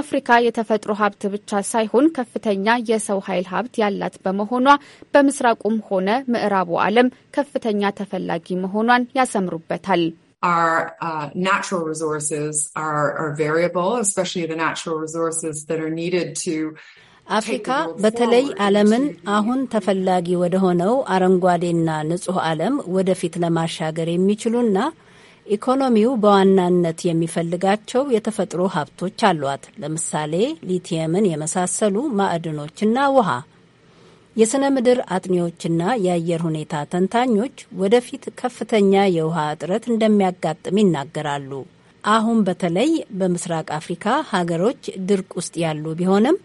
አፍሪካ የተፈጥሮ ሀብት ብቻ ሳይሆን ከፍተኛ የሰው ኃይል ሀብት ያላት በመሆኗ በምስራቁም ሆነ ምዕራቡ ዓለም ከፍተኛ ተፈላጊ መሆኗን ያሰምሩበታል። Our uh, natural resources are, are variable, especially the natural resources that are needed to አፍሪካ በተለይ ዓለምን አሁን ተፈላጊ ወደሆነው አረንጓዴና ንጹህ ዓለም ወደፊት ለማሻገር የሚችሉና ኢኮኖሚው በዋናነት የሚፈልጋቸው የተፈጥሮ ሀብቶች አሏት። ለምሳሌ ሊቲየምን የመሳሰሉ ማዕድኖችና ውሃ። የሥነ ምድር አጥኚዎችና የአየር ሁኔታ ተንታኞች ወደፊት ከፍተኛ የውሃ እጥረት እንደሚያጋጥም ይናገራሉ። አሁን በተለይ በምስራቅ አፍሪካ ሀገሮች ድርቅ ውስጥ ያሉ ቢሆንም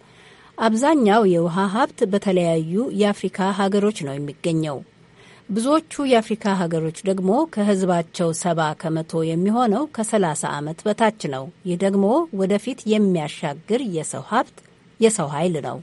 አብዛኛው የውሃ ሀብት በተለያዩ የአፍሪካ ሀገሮች ነው የሚገኘው። ብዙዎቹ የአፍሪካ ሀገሮች ደግሞ ከህዝባቸው ሰባ ከመቶ የሚሆነው ከሰላሳ ዓመት በታች ነው። ይህ ደግሞ ወደፊት የሚያሻግር የሰው ሀብት የሰው ኃይል ነው።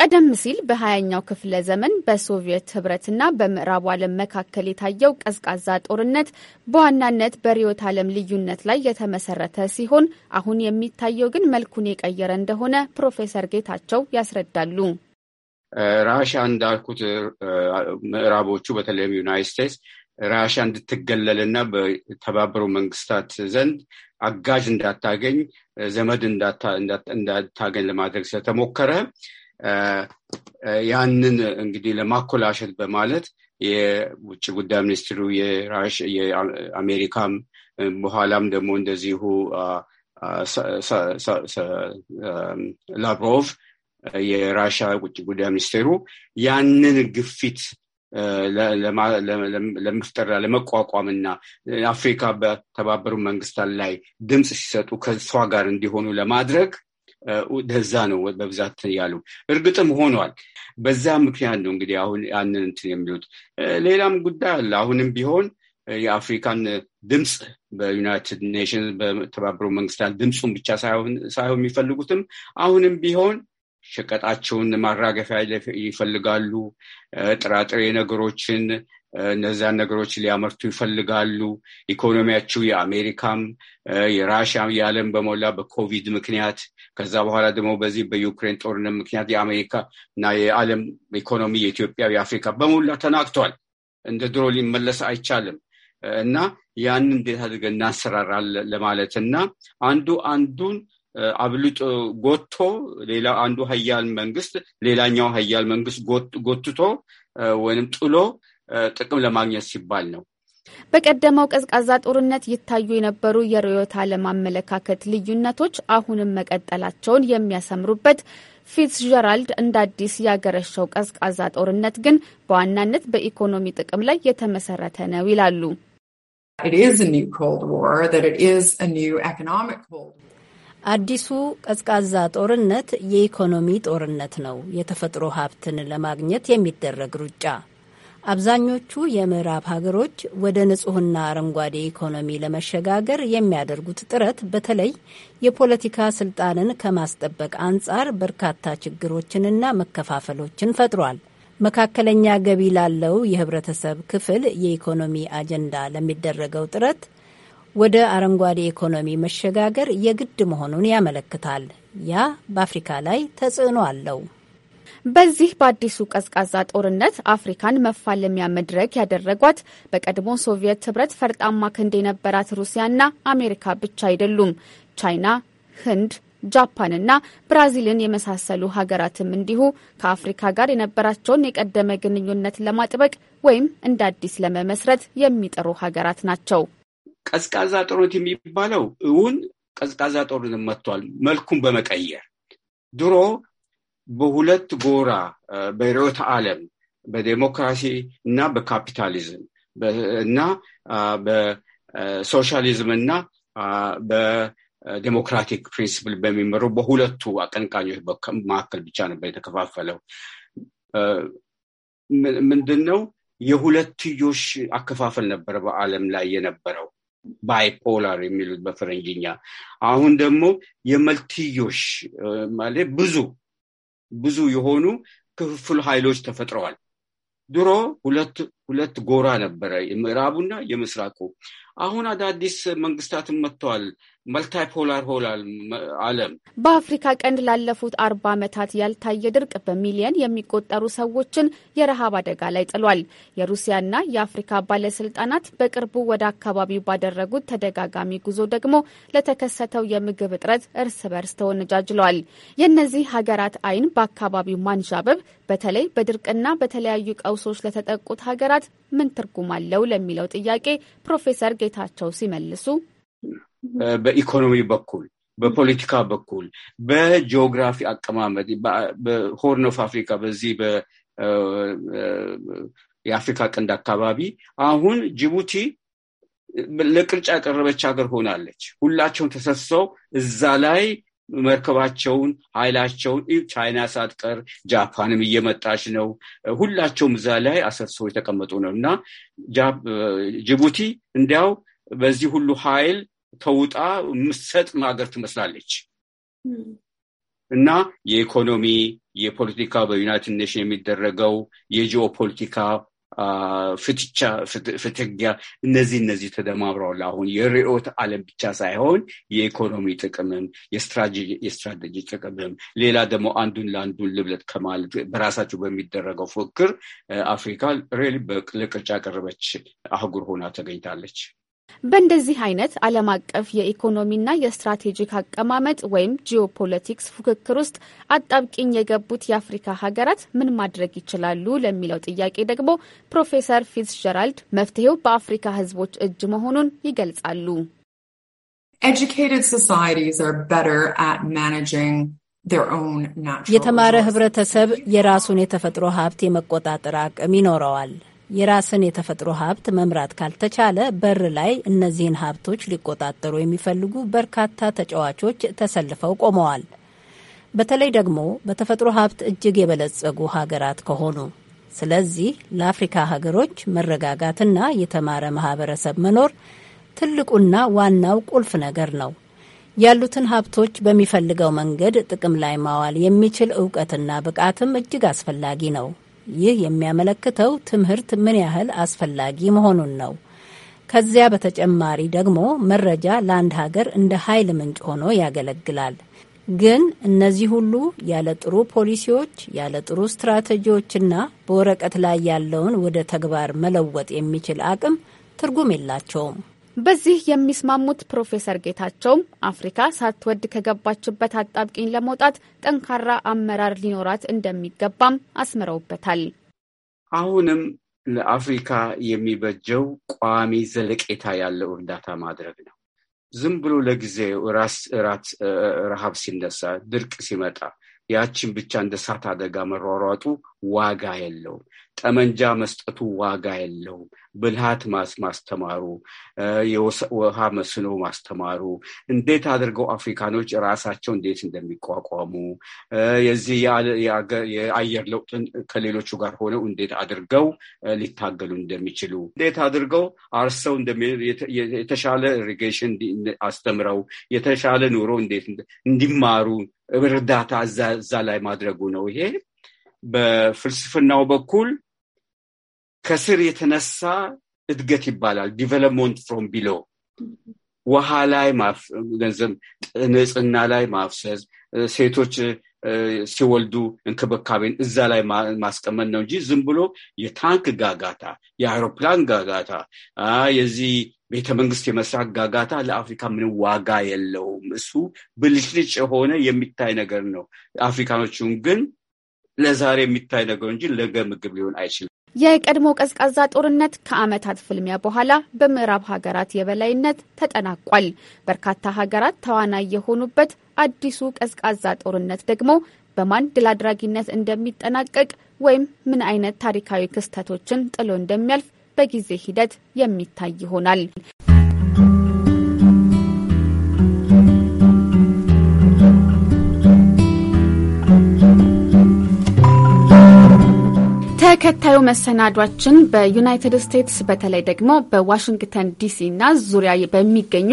ቀደም ሲል በሀያኛው ክፍለ ዘመን በሶቪየት ህብረትና በምዕራቡ ዓለም መካከል የታየው ቀዝቃዛ ጦርነት በዋናነት በርዕዮተ ዓለም ልዩነት ላይ የተመሰረተ ሲሆን አሁን የሚታየው ግን መልኩን የቀየረ እንደሆነ ፕሮፌሰር ጌታቸው ያስረዳሉ። ራሻ እንዳልኩት ምዕራቦቹ በተለይም ዩናይት ስቴትስ ራሻ እንድትገለልና በተባበሩ መንግስታት ዘንድ አጋዥ እንዳታገኝ ዘመድ እንዳታገኝ ለማድረግ ስለተሞከረ ያንን እንግዲህ ለማኮላሸት በማለት የውጭ ጉዳይ ሚኒስትሩ የአሜሪካም በኋላም ደግሞ እንደዚሁ ላቭሮቭ የራሻ ውጭ ጉዳይ ሚኒስቴሩ ያንን ግፊት ለመፍጠር ለመቋቋምና አፍሪካ በተባበሩ መንግስታት ላይ ድምፅ ሲሰጡ ከሷ ጋር እንዲሆኑ ለማድረግ ደዛ ነው በብዛት ያሉ እርግጥም ሆኗል። በዛ ምክንያት ነው እንግዲህ አሁን ያንን እንትን የሚሉት። ሌላም ጉዳይ አለ። አሁንም ቢሆን የአፍሪካን ድምፅ በዩናይትድ ኔሽንስ በተባበሩ መንግስታት ድምፁን ብቻ ሳይሆን የሚፈልጉትም አሁንም ቢሆን ሸቀጣቸውን ማራገፊያ ይፈልጋሉ። ጥራጥሬ ነገሮችን እነዚያን ነገሮች ሊያመርቱ ይፈልጋሉ። ኢኮኖሚያቸው የአሜሪካም የራሽያ የዓለም በሞላ በኮቪድ ምክንያት ከዛ በኋላ ደግሞ በዚህ በዩክሬን ጦርነት ምክንያት የአሜሪካ እና የዓለም ኢኮኖሚ የኢትዮጵያ፣ የአፍሪካ በሞላ ተናግቷል። እንደ ድሮ ሊመለስ አይቻልም እና ያንን እንዴት አድርገን እናንሰራራለን ለማለት እና አንዱ አንዱን አብልጦ ጎትቶ ሌላ አንዱ ሀያል መንግስት ሌላኛው ሀያል መንግስት ጎትቶ ወይም ጥሎ ጥቅም ለማግኘት ሲባል ነው። በቀደመው ቀዝቃዛ ጦርነት ይታዩ የነበሩ የርዕዮተ ዓለም አመለካከት ልዩነቶች አሁንም መቀጠላቸውን የሚያሰምሩበት ፊትስጀራልድ እንደ አዲስ ያገረሸው ቀዝቃዛ ጦርነት ግን በዋናነት በኢኮኖሚ ጥቅም ላይ የተመሰረተ ነው ይላሉ። አዲሱ ቀዝቃዛ ጦርነት የኢኮኖሚ ጦርነት ነው፣ የተፈጥሮ ሀብትን ለማግኘት የሚደረግ ሩጫ አብዛኞቹ የምዕራብ ሀገሮች ወደ ንጹህና አረንጓዴ ኢኮኖሚ ለመሸጋገር የሚያደርጉት ጥረት በተለይ የፖለቲካ ስልጣንን ከማስጠበቅ አንጻር በርካታ ችግሮችንና መከፋፈሎችን ፈጥሯል። መካከለኛ ገቢ ላለው የህብረተሰብ ክፍል የኢኮኖሚ አጀንዳ ለሚደረገው ጥረት ወደ አረንጓዴ ኢኮኖሚ መሸጋገር የግድ መሆኑን ያመለክታል። ያ በአፍሪካ ላይ ተጽዕኖ አለው። በዚህ በአዲሱ ቀዝቃዛ ጦርነት አፍሪካን መፋለሚያ መድረክ ያደረጓት በቀድሞ ሶቪየት ህብረት ፈርጣማ ክንድ የነበራት ሩሲያና አሜሪካ ብቻ አይደሉም። ቻይና፣ ህንድ ጃፓንና ብራዚልን የመሳሰሉ ሀገራትም እንዲሁ ከአፍሪካ ጋር የነበራቸውን የቀደመ ግንኙነት ለማጥበቅ ወይም እንደ አዲስ ለመመስረት የሚጥሩ ሀገራት ናቸው። ቀዝቃዛ ጦርነት የሚባለው እውን ቀዝቃዛ ጦርነት መጥቷል፣ መልኩን በመቀየር ድሮ በሁለት ጎራ በርዕዮተ ዓለም በዴሞክራሲ እና በካፒታሊዝም እና በሶሻሊዝም እና በዴሞክራቲክ ፕሪንስፕል በሚመሩ በሁለቱ አቀንቃኞች መካከል ብቻ ነበር የተከፋፈለው። ምንድን ነው የሁለትዮሽ አከፋፈል ነበር በዓለም ላይ የነበረው ባይፖላር የሚሉት በፈረንጅኛ። አሁን ደግሞ የመልትዮሽ ማለት ብዙ ብዙ የሆኑ ክፍፍል ኃይሎች ተፈጥረዋል። ድሮ ሁለት ሁለት ጎራ ነበረ፣ የምዕራቡና የምስራቁ። አሁን አዳዲስ መንግስታትም መጥተዋል። መልታይፖላር ሆላል ዓለም በአፍሪካ ቀንድ ላለፉት አርባ ዓመታት ያልታየ ድርቅ በሚሊየን የሚቆጠሩ ሰዎችን የረሃብ አደጋ ላይ ጥሏል። የሩሲያና የአፍሪካ ባለስልጣናት በቅርቡ ወደ አካባቢው ባደረጉት ተደጋጋሚ ጉዞ ደግሞ ለተከሰተው የምግብ እጥረት እርስ በርስ ተወነጃጅለዋል። የእነዚህ ሀገራት አይን በአካባቢው ማንዣበብ በተለይ በድርቅና በተለያዩ ቀውሶች ለተጠቁት ሀገራት ምን ትርጉም አለው ለሚለው ጥያቄ ፕሮፌሰር ጌታቸው ሲመልሱ በኢኮኖሚ በኩል በፖለቲካ በኩል በጂኦግራፊ አቀማመጥ በሆርን ኦፍ አፍሪካ በዚህ የአፍሪካ ቀንድ አካባቢ አሁን ጅቡቲ ለቅርጫ ያቀረበች ሀገር ሆናለች። ሁላቸውም ተሰብስበው እዛ ላይ መርከባቸውን፣ ኃይላቸውን ቻይና ሳትቀር ጃፓንም እየመጣች ነው። ሁላቸውም እዛ ላይ አሰብስበው የተቀመጡ ነው እና ጅቡቲ እንዲያው በዚህ ሁሉ ኃይል ተውጣ ምሰጥ ሀገር ትመስላለች እና የኢኮኖሚ የፖለቲካ በዩናይትድ ኔሽን የሚደረገው የጂኦ ፖለቲካ ፍትቻ ፍትጊያ እነዚህ እነዚህ ተደማምረዋል። አሁን የርዕዮተ ዓለም ብቻ ሳይሆን የኢኮኖሚ ጥቅምም የስትራቴጂ ጥቅምም ሌላ ደግሞ አንዱን ለአንዱን ልብለት ከማለት በራሳቸው በሚደረገው ፉክክር አፍሪካ ሬል ለቅርጫ ቀረበች አህጉር ሆና ተገኝታለች። በእንደዚህ አይነት ዓለም አቀፍ የኢኮኖሚና የስትራቴጂክ አቀማመጥ ወይም ጂኦፖለቲክስ ፉክክር ውስጥ አጣብቂኝ የገቡት የአፍሪካ ሀገራት ምን ማድረግ ይችላሉ ለሚለው ጥያቄ ደግሞ ፕሮፌሰር ጀራልድ መፍትሄው በአፍሪካ ሕዝቦች እጅ መሆኑን ይገልጻሉ። የተማረ ህብረተሰብ የራሱን የተፈጥሮ ሀብት የመቆጣጠር አቅም ይኖረዋል። የራስን የተፈጥሮ ሀብት መምራት ካልተቻለ በር ላይ እነዚህን ሀብቶች ሊቆጣጠሩ የሚፈልጉ በርካታ ተጫዋቾች ተሰልፈው ቆመዋል። በተለይ ደግሞ በተፈጥሮ ሀብት እጅግ የበለጸጉ ሀገራት ከሆኑ። ስለዚህ ለአፍሪካ ሀገሮች መረጋጋትና የተማረ ማህበረሰብ መኖር ትልቁና ዋናው ቁልፍ ነገር ነው። ያሉትን ሀብቶች በሚፈልገው መንገድ ጥቅም ላይ ማዋል የሚችል እውቀትና ብቃትም እጅግ አስፈላጊ ነው። ይህ የሚያመለክተው ትምህርት ምን ያህል አስፈላጊ መሆኑን ነው። ከዚያ በተጨማሪ ደግሞ መረጃ ለአንድ ሀገር እንደ ኃይል ምንጭ ሆኖ ያገለግላል። ግን እነዚህ ሁሉ ያለ ጥሩ ፖሊሲዎች፣ ያለ ጥሩ ስትራቴጂዎችና በወረቀት ላይ ያለውን ወደ ተግባር መለወጥ የሚችል አቅም ትርጉም የላቸውም። በዚህ የሚስማሙት ፕሮፌሰር ጌታቸውም አፍሪካ ሳትወድ ከገባችበት አጣብቂኝ ለመውጣት ጠንካራ አመራር ሊኖራት እንደሚገባም አስምረውበታል። አሁንም ለአፍሪካ የሚበጀው ቋሚ ዘለቄታ ያለው እርዳታ ማድረግ ነው። ዝም ብሎ ለጊዜው ራስ ራት ረሃብ ሲነሳ፣ ድርቅ ሲመጣ ያችን ብቻ እንደ እሳት አደጋ መሯሯጡ ዋጋ የለውም። ጠመንጃ መስጠቱ ዋጋ የለውም። ብልሃት ማስተማሩ፣ የውሃ መስኖ ማስተማሩ፣ እንዴት አድርገው አፍሪካኖች ራሳቸው እንዴት እንደሚቋቋሙ የዚህ የአየር ለውጥን ከሌሎቹ ጋር ሆነው እንዴት አድርገው ሊታገሉ እንደሚችሉ እንዴት አድርገው አርሰው የተሻለ ኢሪጌሽን አስተምረው የተሻለ ኑሮ እንዴት እንዲማሩ እርዳታ እዛ ላይ ማድረጉ ነው ይሄ በፍልስፍናው በኩል ከስር የተነሳ እድገት ይባላል። ዲቨሎፕመንት ፍሮም ቢሎ ውሃ ላይ ገንዘብ፣ ንጽህና ላይ ማፍሰስ፣ ሴቶች ሲወልዱ እንክብካቤን እዛ ላይ ማስቀመጥ ነው እንጂ ዝም ብሎ የታንክ ጋጋታ፣ የአይሮፕላን ጋጋታ፣ የዚህ ቤተመንግስት የመስራት ጋጋታ ለአፍሪካ ምንም ዋጋ የለውም። እሱ ብልጭልጭ የሆነ የሚታይ ነገር ነው። አፍሪካኖቹን ግን ለዛሬ የሚታይ ነገር እንጂ ነገ ምግብ ሊሆን አይችልም። የቀድሞ ቀዝቃዛ ጦርነት ከዓመታት ፍልሚያ በኋላ በምዕራብ ሀገራት የበላይነት ተጠናቋል። በርካታ ሀገራት ተዋናይ የሆኑበት አዲሱ ቀዝቃዛ ጦርነት ደግሞ በማን ድል አድራጊነት እንደሚጠናቀቅ ወይም ምን አይነት ታሪካዊ ክስተቶችን ጥሎ እንደሚያልፍ በጊዜ ሂደት የሚታይ ይሆናል። ተከታዩ መሰናዷችን በዩናይትድ ስቴትስ በተለይ ደግሞ በዋሽንግተን ዲሲ እና ዙሪያ በሚገኙ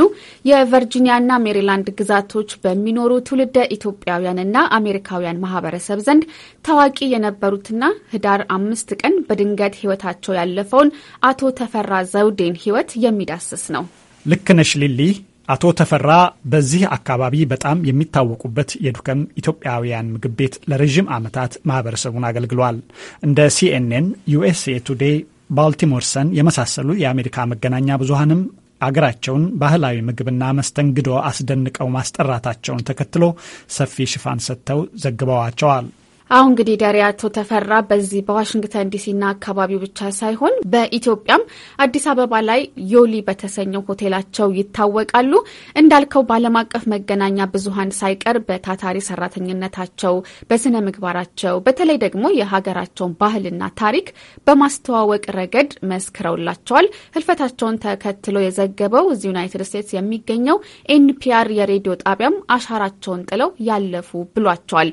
የቨርጂኒያ ና ሜሪላንድ ግዛቶች በሚኖሩ ትውልደ ኢትዮጵያውያንና አሜሪካውያን ማህበረሰብ ዘንድ ታዋቂ የነበሩትና ህዳር አምስት ቀን በድንገት ህይወታቸው ያለፈውን አቶ ተፈራ ዘውዴን ህይወት የሚዳስስ ነው። ልክነሽ ሊሊ አቶ ተፈራ በዚህ አካባቢ በጣም የሚታወቁበት የዱከም ኢትዮጵያውያን ምግብ ቤት ለረዥም ዓመታት ማህበረሰቡን አገልግሏል። እንደ ሲኤንኤን፣ ዩኤስኤ ቱዴ ባልቲሞር ሰን የመሳሰሉ የአሜሪካ መገናኛ ብዙሃንም አገራቸውን ባህላዊ ምግብና መስተንግዶ አስደንቀው ማስጠራታቸውን ተከትሎ ሰፊ ሽፋን ሰጥተው ዘግበዋቸዋል። አሁን እንግዲህ አቶ ተፈራ በዚህ በዋሽንግተን ዲሲና አካባቢው ብቻ ሳይሆን በኢትዮጵያም አዲስ አበባ ላይ ዮሊ በተሰኘው ሆቴላቸው ይታወቃሉ። እንዳልከው በዓለም አቀፍ መገናኛ ብዙኃን ሳይቀር በታታሪ ሰራተኝነታቸው፣ በስነ ምግባራቸው በተለይ ደግሞ የሀገራቸውን ባህልና ታሪክ በማስተዋወቅ ረገድ መስክረውላቸዋል። ህልፈታቸውን ተከትሎ የዘገበው እዚህ ዩናይትድ ስቴትስ የሚገኘው ኤንፒአር የሬዲዮ ጣቢያም አሻራቸውን ጥለው ያለፉ ብሏቸዋል።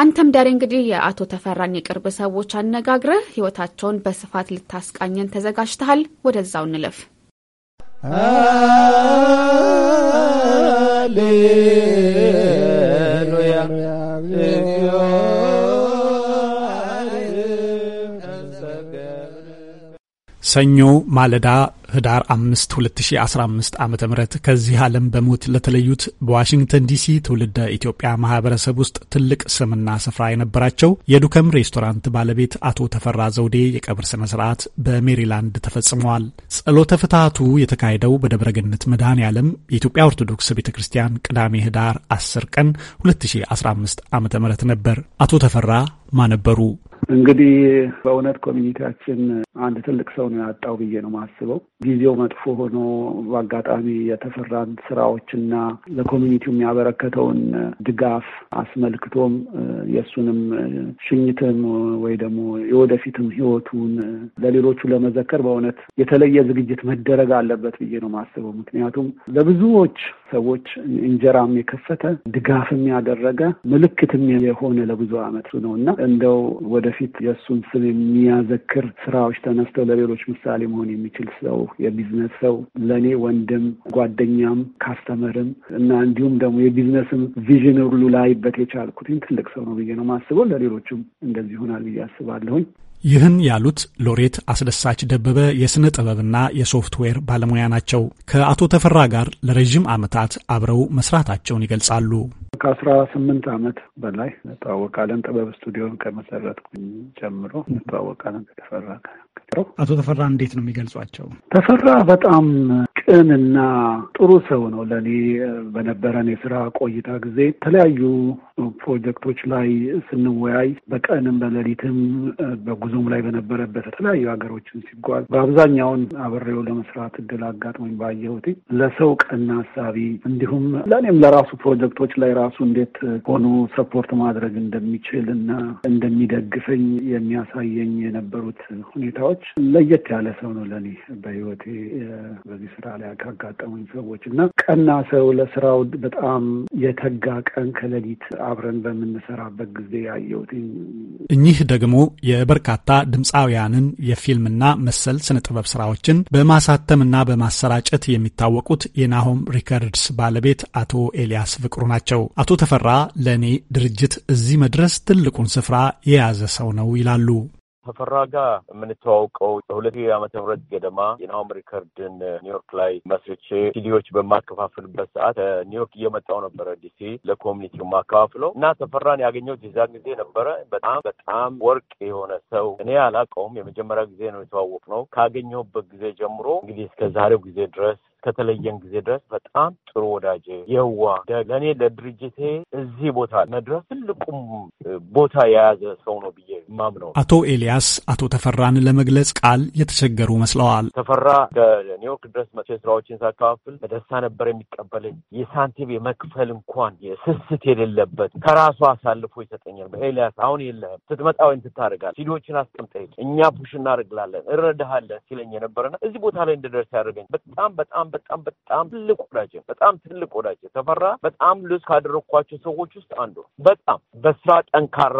አንተም ዳሬ እንግዲህ የአቶ ተፈራን የቅርብ ሰዎች አነጋግረህ ህይወታቸውን በስፋት ልታስቃኘን ተዘጋጅተሃል። ወደዛው እንለፍ። ሰኞ ማለዳ ህዳር 5 2015 ዓ ም ከዚህ ዓለም በሞት ለተለዩት በዋሽንግተን ዲሲ ትውልደ ኢትዮጵያ ማህበረሰብ ውስጥ ትልቅ ስምና ስፍራ የነበራቸው የዱከም ሬስቶራንት ባለቤት አቶ ተፈራ ዘውዴ የቀብር ስነ ስርዓት በሜሪላንድ ተፈጽመዋል። ጸሎተ ፍትሐቱ የተካሄደው በደብረገነት መድኃኔ ዓለም የኢትዮጵያ ኦርቶዶክስ ቤተ ክርስቲያን ቅዳሜ ህዳር 10 ቀን 2015 ዓ ም ነበር። አቶ ተፈራ ማነበሩ እንግዲህ በእውነት ኮሚኒቲያችን አንድ ትልቅ ሰው ነው ያጣው ብዬ ነው ማስበው ጊዜው መጥፎ ሆኖ በአጋጣሚ የተሰራን ስራዎችና ለኮሚኒቲው የሚያበረከተውን ድጋፍ አስመልክቶም የእሱንም ሽኝትም ወይ ደግሞ የወደፊትም ህይወቱን ለሌሎቹ ለመዘከር በእውነት የተለየ ዝግጅት መደረግ አለበት ብዬ ነው ማስበው ምክንያቱም ለብዙዎች ሰዎች እንጀራም የከፈተ ድጋፍም ያደረገ ምልክትም የሆነ ለብዙ ዓመት ነው እና እንደው ወደፊት የእሱን ስም የሚያዘክር ስራዎች ተነስተው ለሌሎች ምሳሌ መሆን የሚችል ሰው የቢዝነስ ሰው ለእኔ ወንድም፣ ጓደኛም፣ ካስተመርም እና እንዲሁም ደግሞ የቢዝነስም ቪዥን ሁሉ ላይበት የቻልኩትኝ ትልቅ ሰው ነው ብዬ ነው ማስበው። ለሌሎችም እንደዚህ ይሆናል ብዬ አስባለሁኝ። ይህን ያሉት ሎሬት አስደሳች ደበበ የሥነ ጥበብና የሶፍትዌር ባለሙያ ናቸው። ከአቶ ተፈራ ጋር ለረዥም ዓመታት አብረው መስራታቸውን ይገልጻሉ። ከአስራ ስምንት ዓመት በላይ እንተዋወቃለን። ጥበብ ስቱዲዮን ከመሰረትኩኝ ጀምሮ እንተዋወቃለን። ከተፈራ አቶ ተፈራ እንዴት ነው የሚገልጿቸው? ተፈራ በጣም ቅንና ጥሩ ሰው ነው። ለእኔ በነበረን የስራ ቆይታ ጊዜ የተለያዩ ፕሮጀክቶች ላይ ስንወያይ በቀንም በሌሊትም በጉ በጉዞም ላይ በነበረበት የተለያዩ ሀገሮችን ሲጓዝ በአብዛኛውን አብሬው ለመስራት እድል አጋጥሞኝ ባየሁት ለሰው ቀና ሀሳቢ እንዲሁም ለእኔም ለራሱ ፕሮጀክቶች ላይ ራሱ እንዴት ሆኖ ሰፖርት ማድረግ እንደሚችል እና እንደሚደግፈኝ የሚያሳየኝ የነበሩት ሁኔታዎች ለየት ያለ ሰው ነው ለእኔ በህይወቴ በዚህ ስራ ላይ ካጋጠሙኝ ሰዎች እና ቀና ሰው ለስራው በጣም የተጋ ቀን ከሌሊት አብረን በምንሰራበት ጊዜ ያየሁት። እኚህ ደግሞ የበርካታ በርካታ ድምፃውያንን የፊልምና መሰል ስነጥበብ ስራዎችን በማሳተምና በማሰራጨት የሚታወቁት የናሆም ሪከርድስ ባለቤት አቶ ኤልያስ ፍቅሩ ናቸው። አቶ ተፈራ ለእኔ ድርጅት እዚህ መድረስ ትልቁን ስፍራ የያዘ ሰው ነው ይላሉ። ተፈራ ጋር የምንተዋውቀው በሁለት ሺህ ዓመተ ምህረት ገደማ የናሆም ሪከርድን ኒውዮርክ ላይ መስርቼ ሲዲዎች በማከፋፍልበት ሰዓት ኒውዮርክ እየመጣው ነበረ ዲሲ ለኮሚኒቲው ማከፋፍለው እና ተፈራን ያገኘሁት የዛን ጊዜ ነበረ። በጣም በጣም ወርቅ የሆነ ሰው እኔ አላውቀውም። የመጀመሪያ ጊዜ ነው የተዋወቅ ነው። ካገኘሁበት ጊዜ ጀምሮ እንግዲህ እስከ ዛሬው ጊዜ ድረስ እስከተለየን ጊዜ ድረስ በጣም ጥሩ ወዳጅ የዋ ለእኔ ለድርጅቴ እዚህ ቦታ መድረስ ትልቁም ቦታ የያዘ ሰው ነው ብዬ ማምነው። አቶ ኤልያስ አቶ ተፈራን ለመግለጽ ቃል የተቸገሩ መስለዋል። ተፈራ ከኒውዮርክ ድረስ መቼ ስራዎችን ሳካፍል በደስታ ነበር የሚቀበለኝ። የሳንቲም የመክፈል እንኳን ስስት የሌለበት ከራሱ አሳልፎ ይሰጠኛል። ኤልያስ አሁን የለህም ስትመጣ ወይም ትታደርጋል ሲዲዎችን አስቀምጠ እኛ ፑሽ እናደርግላለን እረዳሃለን ሲለኝ የነበረና እዚህ ቦታ ላይ እንድደርስ ያደርገኝ በጣም በጣም በጣም በጣም በጣም ትልቅ ወዳጅ በጣም ትልቅ ወዳጅ ተፈራ በጣም ልስ ካደረኳቸው ሰዎች ውስጥ አንዱ በጣም በስራ ጠንካራ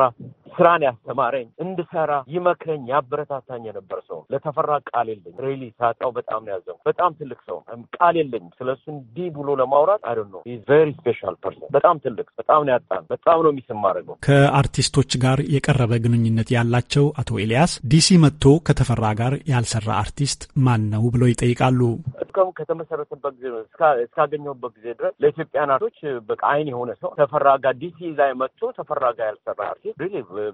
ስራን ያስተማረኝ፣ እንድሰራ ይመክረኝ፣ ያበረታታኝ የነበር ሰው ለተፈራ ቃል የለኝ። ሬሊ ሳጣው በጣም ነው ያዘንኩት። በጣም ትልቅ ሰው ቃል የለኝ ስለሱ እንዲህ ብሎ ለማውራት አይ ነው ቬሪ ስፔሻል ፐርሰን። በጣም ትልቅ በጣም ነው ያጣን። በጣም ነው የሚስም አድርገው። ከአርቲስቶች ጋር የቀረበ ግንኙነት ያላቸው አቶ ኤልያስ ዲሲ መጥቶ ከተፈራ ጋር ያልሰራ አርቲስት ማን ነው ብለው ይጠይቃሉ። እስካሁን ከተመሰረተበት ጊዜ እስካገኘሁበት ጊዜ ድረስ ለኢትዮጵያን አርቶች በቃ አይን የሆነ ሰው ተፈራ ጋር ዲሲ ላይ መጥቶ ተፈራ ጋር ያልሰራ አርቲስት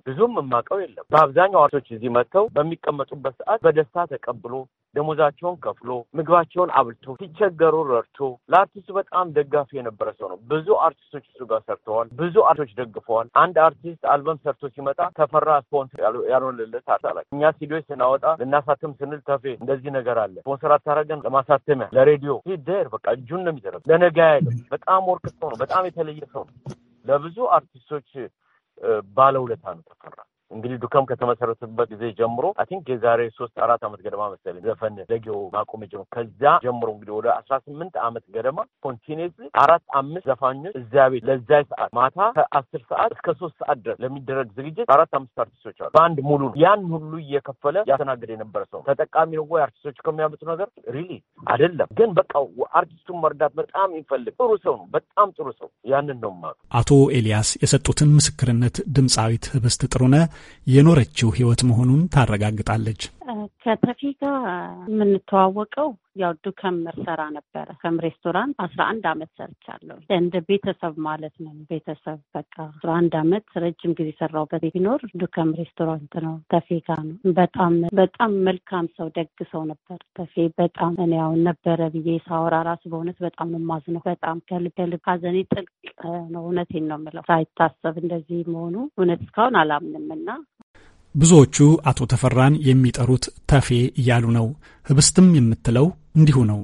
ብዙም የማውቀው የለም። በአብዛኛው አርቶች እዚህ መጥተው በሚቀመጡበት ሰዓት በደስታ ተቀብሎ ደሞዛቸውን ከፍሎ ምግባቸውን አብልቶ ሲቸገሩ ረድቶ ለአርቲስቱ በጣም ደጋፊ የነበረ ሰው ነው። ብዙ አርቲስቶች እሱ ጋር ሰርተዋል። ብዙ አርቲስቶች ደግፈዋል። አንድ አርቲስት አልበም ሰርቶ ሲመጣ ተፈራ ስፖንሰር ያልሆንልለት አላቸው። እኛ ሲዲዮ ስናወጣ ልናሳትም ስንል ተፌ እንደዚህ ነገር አለ ስፖንሰር አታረገን ለማሳተሚያ ለሬዲዮ ሲደር በቃ እጁን ነው የሚዘረብ ለነገ ያለ በጣም ወርቅ ሰው ነው። በጣም የተለየ ሰው ነው። ለብዙ አርቲስቶች ባለውለታ ነው ተፈራ እንግዲህ ዱከም ከተመሰረተበት ጊዜ ጀምሮ አይ ቲንክ የዛሬ ሶስት አራት አመት ገደማ መሰለኝ ዘፈን ለጌው ማቆም ጀምሮ ከዛ ጀምሮ እንግዲህ ወደ አስራ ስምንት አመት ገደማ ኮንቲኒስ አራት አምስት ዘፋኞች እዚያ ቤት ለዛ ሰዓት ማታ ከአስር ሰዓት እስከ ሶስት ሰዓት ድረስ ለሚደረግ ዝግጅት አራት አምስት አርቲስቶች አሉ በአንድ ሙሉ ነው። ያን ሁሉ እየከፈለ ያስተናገደ የነበረ ሰው ተጠቃሚ ነው ወይ አርቲስቶች ከሚያመጡ ነገር ሪሊ አይደለም። ግን በቃ አርቲስቱን መርዳት በጣም ይፈልግ ጥሩ ሰው ነው። በጣም ጥሩ ሰው ያንን ነው ማ አቶ ኤልያስ የሰጡትን ምስክርነት ድምፃዊት ህብስት የኖረችው ህይወት መሆኑን ታረጋግጣለች። ከፐፊ ጋር የምንተዋወቀው ያው ዱከም ሰራ ነበረ። ከም ሬስቶራንት አስራ አንድ አመት ሰርቻለሁ። እንደ ቤተሰብ ማለት ነው። ቤተሰብ በቃ አስራ አንድ አመት ረጅም ጊዜ ሰራሁበት ቢኖር ዱከም ሬስቶራንት ነው። ተፌጋ ነው። በጣም በጣም መልካም ሰው፣ ደግ ሰው ነበር ተፌ። በጣም እኔ አሁን ነበረ ብዬ ሳወራ ራሱ በእውነት በጣም ነው የማዝነው። በጣም ከልብ ከልብ ሐዘኔ ጥልቅ ነው። እውነቴን ነው የምለው። ሳይታሰብ እንደዚህ መሆኑ እውነት እስካሁን አላምንም እና ብዙዎቹ አቶ ተፈራን የሚጠሩት ተፌ እያሉ ነው። ህብስትም የምትለው እንዲሁ ነው።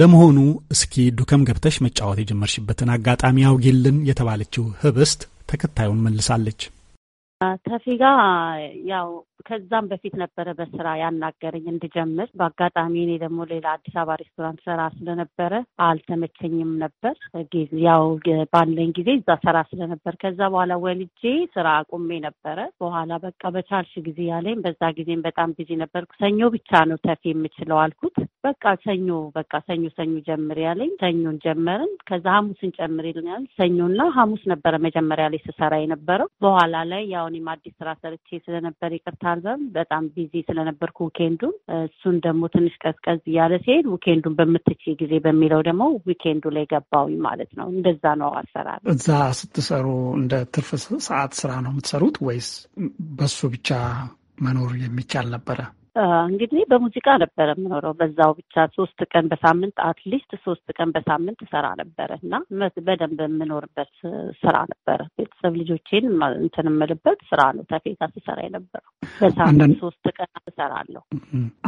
ለመሆኑ እስኪ ዱከም ገብተሽ መጫወት የጀመርሽበትን አጋጣሚ አውጊልን የተባለችው ህብስት ተከታዩን መልሳለች። ተፌ ጋ ያው ከዛም በፊት ነበረ በስራ ያናገረኝ እንድጀምር። በአጋጣሚ እኔ ደግሞ ሌላ አዲስ አበባ ሬስቶራንት ስራ ስለነበረ አልተመቸኝም ነበር። ያው ባለኝ ጊዜ እዛ ስራ ስለነበር ከዛ በኋላ ወልጄ ስራ አቁሜ ነበረ። በኋላ በቃ በቻልሽ ጊዜ ያለኝ በዛ ጊዜም በጣም ቢዚ ነበርኩ። ሰኞ ብቻ ነው ተፊ የምችለው አልኩት። በቃ ሰኞ በቃ ሰኞ ሰኞ ጀምር ያለኝ ሰኞን ጀመርን። ከዛ ሐሙስን ጨምር ይልኛል። ሰኞና ሐሙስ ነበረ መጀመሪያ ላይ ስሰራ የነበረው። በኋላ ላይ ያው እኔም አዲስ ስራ ሰርቼ ስለነበር ይቅርታ አልበም በጣም ቢዚ ስለነበርኩ ዊኬንዱን እሱን ደግሞ ትንሽ ቀዝቀዝ እያለ ሲሄድ ዊኬንዱን በምትች ጊዜ በሚለው ደግሞ ዊኬንዱ ላይ ገባዊ ማለት ነው። እንደዛ ነው አሰራር። እዛ ስትሰሩ እንደ ትርፍ ሰዓት ስራ ነው የምትሰሩት ወይስ በሱ ብቻ መኖር የሚቻል ነበረ? እንግዲህ በሙዚቃ ነበረ የምኖረው። በዛው ብቻ ሶስት ቀን በሳምንት አትሊስት ሶስት ቀን በሳምንት ሰራ ነበረ እና በደንብ የምኖርበት ስራ ነበረ። ቤተሰብ ልጆቼን እንትን የምልበት ስራ ነው። ተፌታ ስሰራ የነበረው በሳምንት ሶስት ቀን እሰራለሁ።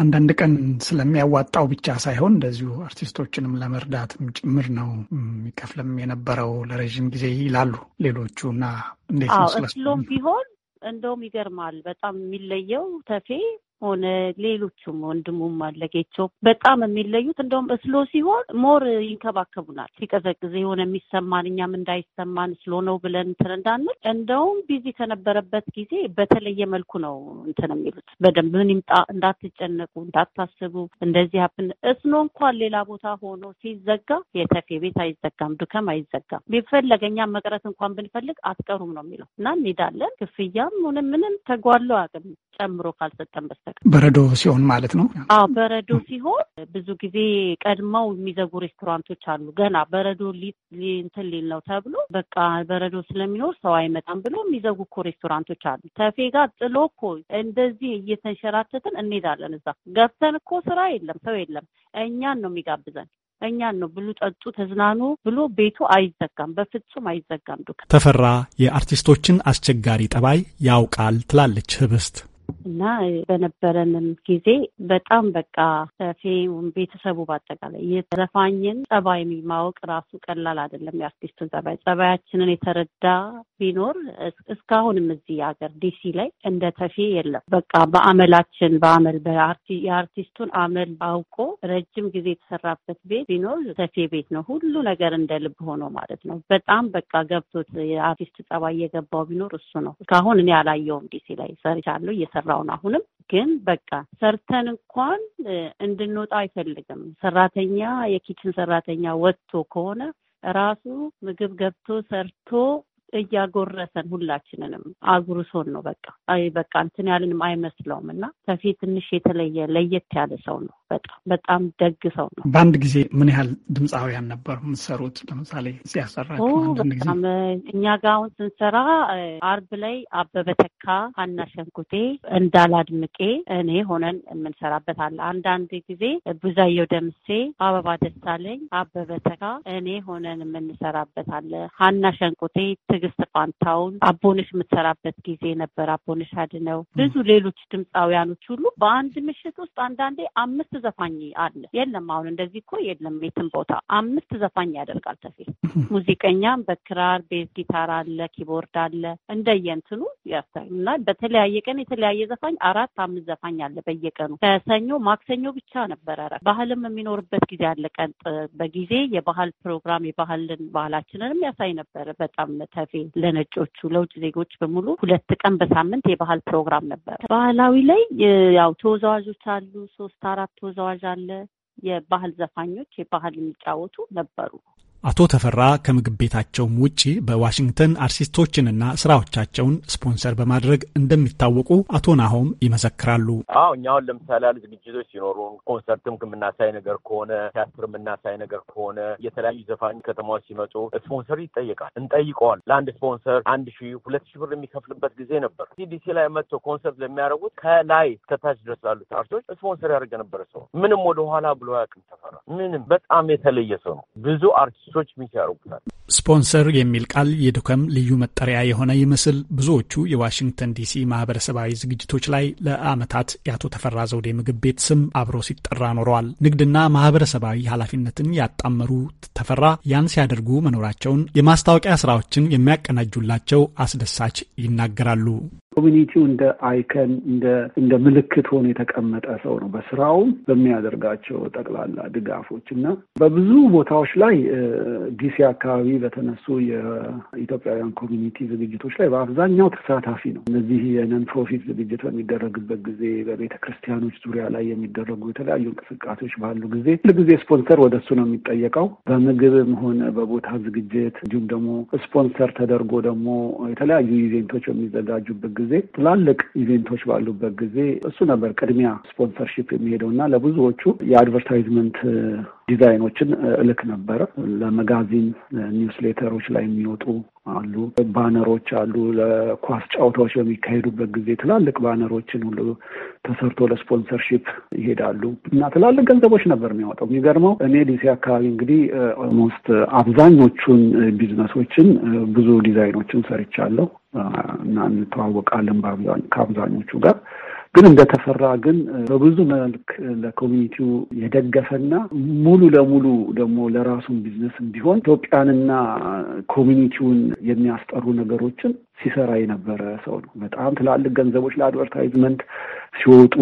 አንዳንድ ቀን ስለሚያዋጣው ብቻ ሳይሆን እንደዚሁ አርቲስቶችንም ለመርዳት ጭምር ነው የሚከፍልም የነበረው ለረዥም ጊዜ ይላሉ ሌሎቹ። እና እንዴት ቢሆን እንደውም ይገርማል በጣም የሚለየው ተፌ ሆነ ሌሎቹም ወንድሙም አለጌቸው በጣም የሚለዩት እንደውም እስሎ ሲሆን ሞር ይንከባከቡናል። ሲቀዘቅዝ የሆነ የሚሰማን እኛም እንዳይሰማን ስሎ ነው ብለን እንትን እንዳንል እንደውም ቢዚ ከነበረበት ጊዜ በተለየ መልኩ ነው እንትን የሚሉት በደንብ ምን ይምጣ እንዳትጨነቁ፣ እንዳታስቡ እንደዚህ ሀብን እስኖ እንኳን ሌላ ቦታ ሆኖ ሲዘጋ የተፌ ቤት አይዘጋም፣ ዱከም አይዘጋም። ቢፈለገኛ መቅረት እንኳን ብንፈልግ አትቀሩም ነው የሚለው እና እንሄዳለን። ክፍያም ሆነ ምንም ተጓሎ አቅም ጨምሮ ካልሰጠን በስተ በረዶ ሲሆን ማለት ነው። አዎ በረዶ ሲሆን ብዙ ጊዜ ቀድመው የሚዘጉ ሬስቶራንቶች አሉ። ገና በረዶ እንትን ሊል ነው ተብሎ በቃ በረዶ ስለሚኖር ሰው አይመጣም ብሎ የሚዘጉ እኮ ሬስቶራንቶች አሉ። ተፌ ጋር ጥሎ እኮ እንደዚህ እየተንሸራተትን እንሄዳለን። እዛ ገብተን እኮ ስራ የለም፣ ሰው የለም። እኛን ነው የሚጋብዘን እኛን ነው ብሉ፣ ጠጡ፣ ተዝናኑ ብሎ ቤቱ አይዘጋም፣ በፍጹም አይዘጋም። ዱ ተፈራ የአርቲስቶችን አስቸጋሪ ጠባይ ያውቃል ትላለች ህብስት። እና በነበረንም ጊዜ በጣም በቃ ሰፊ ቤተሰቡ በአጠቃላይ የዘፋኝን ጸባይ የሚማወቅ ራሱ ቀላል አይደለም። የአርቲስቱን ጸባይ ጸባያችንን የተረዳ ቢኖር እስካሁንም እዚህ ሀገር ዲሲ ላይ እንደ ተፌ የለም። በቃ በአመላችን በአመል የአርቲስቱን አመል አውቆ ረጅም ጊዜ የተሰራበት ቤት ቢኖር ተፌ ቤት ነው። ሁሉ ነገር እንደ ልብ ሆኖ ማለት ነው። በጣም በቃ ገብቶት የአርቲስት ጸባይ እየገባው ቢኖር እሱ ነው። እስካሁን እኔ አላየውም። ዲሲ ላይ ሰርቻለሁ የተሰራውን አሁንም ግን በቃ ሰርተን እንኳን እንድንወጣ አይፈልግም። ሰራተኛ የኪችን ሰራተኛ ወጥቶ ከሆነ ራሱ ምግብ ገብቶ ሰርቶ እያጎረሰን ሁላችንንም አጉርሶን ነው። በቃ አይ በቃ እንትን ያልንም አይመስለውም እና ከፊት ትንሽ የተለየ ለየት ያለ ሰው ነው። በጣም በጣም ደግ ሰው ነው። በአንድ ጊዜ ምን ያህል ድምፃውያን ነበር የምትሰሩት? ለምሳሌ ሲያሰራ በጣም እኛ ጋ አሁን ስንሰራ አርብ ላይ አበበ ተካ፣ ሀና ሸንኩቴ፣ እንዳላድምቄ እኔ ሆነን የምንሰራበት አለ። አንዳንድ ጊዜ ብዙአየሁ ደምሴ፣ አበባ ደሳለኝ፣ አበበ ተካ እኔ ሆነን የምንሰራበት አለ። ሀና ሸንኩቴ፣ ትዕግስት ፋንታውን፣ አቦነሽ የምትሰራበት ጊዜ ነበር። አቦነሽ አድነው፣ ብዙ ሌሎች ድምፃውያኖች ሁሉ በአንድ ምሽት ውስጥ አንዳንዴ አምስት ዘፋኝ አለ። የለም አሁን እንደዚህ እኮ የለም። ቤትም ቦታ አምስት ዘፋኝ ያደርጋል ተፌ ሙዚቀኛም በክራር ቤዝ ጊታር አለ፣ ኪቦርድ አለ እንደየንትኑ እና በተለያየ ቀን የተለያየ ዘፋኝ አራት አምስት ዘፋኝ አለ በየቀኑ ከሰኞ ማክሰኞ ብቻ ነበረ። ባህልም የሚኖርበት ጊዜ አለ። ቀን በጊዜ የባህል ፕሮግራም የባህልን ባህላችንንም ያሳይ ነበረ። በጣም ተፌ ለነጮቹ ለውጭ ዜጎች በሙሉ ሁለት ቀን በሳምንት የባህል ፕሮግራም ነበረ። ባህላዊ ላይ ያው ተወዛዋዦች አሉ ሶስት አራት ተወዛዋዥ አለ። የባህል ዘፋኞች የባህል የሚጫወቱ ነበሩ። አቶ ተፈራ ከምግብ ቤታቸውም ውጪ በዋሽንግተን አርቲስቶችንና ስራዎቻቸውን ስፖንሰር በማድረግ እንደሚታወቁ አቶ ናሆም ይመሰክራሉ። አዎ እኛ ለምሳሌ ያሉ ዝግጅቶች ሲኖሩ ኮንሰርትም ከምናሳይ ነገር ከሆነ ቲያትር የምናሳይ ነገር ከሆነ የተለያዩ ዘፋኝ ከተማዎች ሲመጡ ስፖንሰር ይጠየቃል። እንጠይቀዋል። ለአንድ ስፖንሰር አንድ ሺ ሁለት ሺ ብር የሚከፍልበት ጊዜ ነበር። ሲዲሲ ላይ መጥቶ ኮንሰርት ለሚያደርጉት ከላይ እስከታች ድረስ ላሉት አርቲስቶች ስፖንሰር ያደርገ ነበረ ሰው ምንም ወደኋላ ብሎ አያውቅም። ተፈራ ምንም በጣም የተለየ ሰው ነው። ብዙ አርቲስቶች ድርጅቶች ሚስ ያደርጉታል። ስፖንሰር የሚል ቃል የዱከም ልዩ መጠሪያ የሆነ ይመስል ብዙዎቹ የዋሽንግተን ዲሲ ማህበረሰባዊ ዝግጅቶች ላይ ለዓመታት የአቶ ተፈራ ዘውዴ ምግብ ቤት ስም አብሮ ሲጠራ ኖረዋል። ንግድና ማህበረሰባዊ ኃላፊነትን ያጣመሩ ተፈራ ያን ሲያደርጉ መኖራቸውን የማስታወቂያ ስራዎችን የሚያቀናጁላቸው አስደሳች ይናገራሉ። ኮሚኒቲው እንደ አይከን እንደ ምልክት ሆኖ የተቀመጠ ሰው ነው በስራውም በሚያደርጋቸው ጠቅላላ ድጋፎች እና በብዙ ቦታዎች ላይ ዲሲ አካባቢ በተነሱ የኢትዮጵያውያን ኮሚኒቲ ዝግጅቶች ላይ በአብዛኛው ተሳታፊ ነው። እነዚህ የነን ፕሮፊት ዝግጅት በሚደረግበት ጊዜ በቤተ ክርስቲያኖች ዙሪያ ላይ የሚደረጉ የተለያዩ እንቅስቃሴዎች ባሉ ጊዜ ሁልጊዜ ስፖንሰር ወደ እሱ ነው የሚጠየቀው። በምግብም ሆነ በቦታ ዝግጅት እንዲሁም ደግሞ ስፖንሰር ተደርጎ ደግሞ የተለያዩ ኢቬንቶች በሚዘጋጁበት ጊዜ ጊዜ ትላልቅ ኢቬንቶች ባሉበት ጊዜ እሱ ነበር ቅድሚያ ስፖንሰርሺፕ የሚሄደው እና ለብዙዎቹ የአድቨርታይዝመንት ዲዛይኖችን እልክ ነበር ለመጋዚን ኒውስሌተሮች ላይ የሚወጡ አሉ፣ ባነሮች አሉ። ለኳስ ጨዋታዎች በሚካሄዱበት ጊዜ ትላልቅ ባነሮችን ሁሉ ተሰርቶ ለስፖንሰርሺፕ ይሄዳሉ እና ትላልቅ ገንዘቦች ነበር የሚያወጣው። የሚገርመው እኔ ዲሲ አካባቢ እንግዲህ ኦልሞስት አብዛኞቹን ቢዝነሶችን ብዙ ዲዛይኖችን ሰርቻለሁ እና እንተዋወቃለን ከአብዛኞቹ ጋር ግን እንደተፈራ ግን በብዙ መልክ ለኮሚኒቲው የደገፈና ሙሉ ለሙሉ ደግሞ ለራሱን ቢዝነስም ቢሆን ኢትዮጵያንና ኮሚኒቲውን የሚያስጠሩ ነገሮችን ሲሰራ የነበረ ሰው ነው። በጣም ትላልቅ ገንዘቦች ለአድቨርታይዝመንት ሲወጡ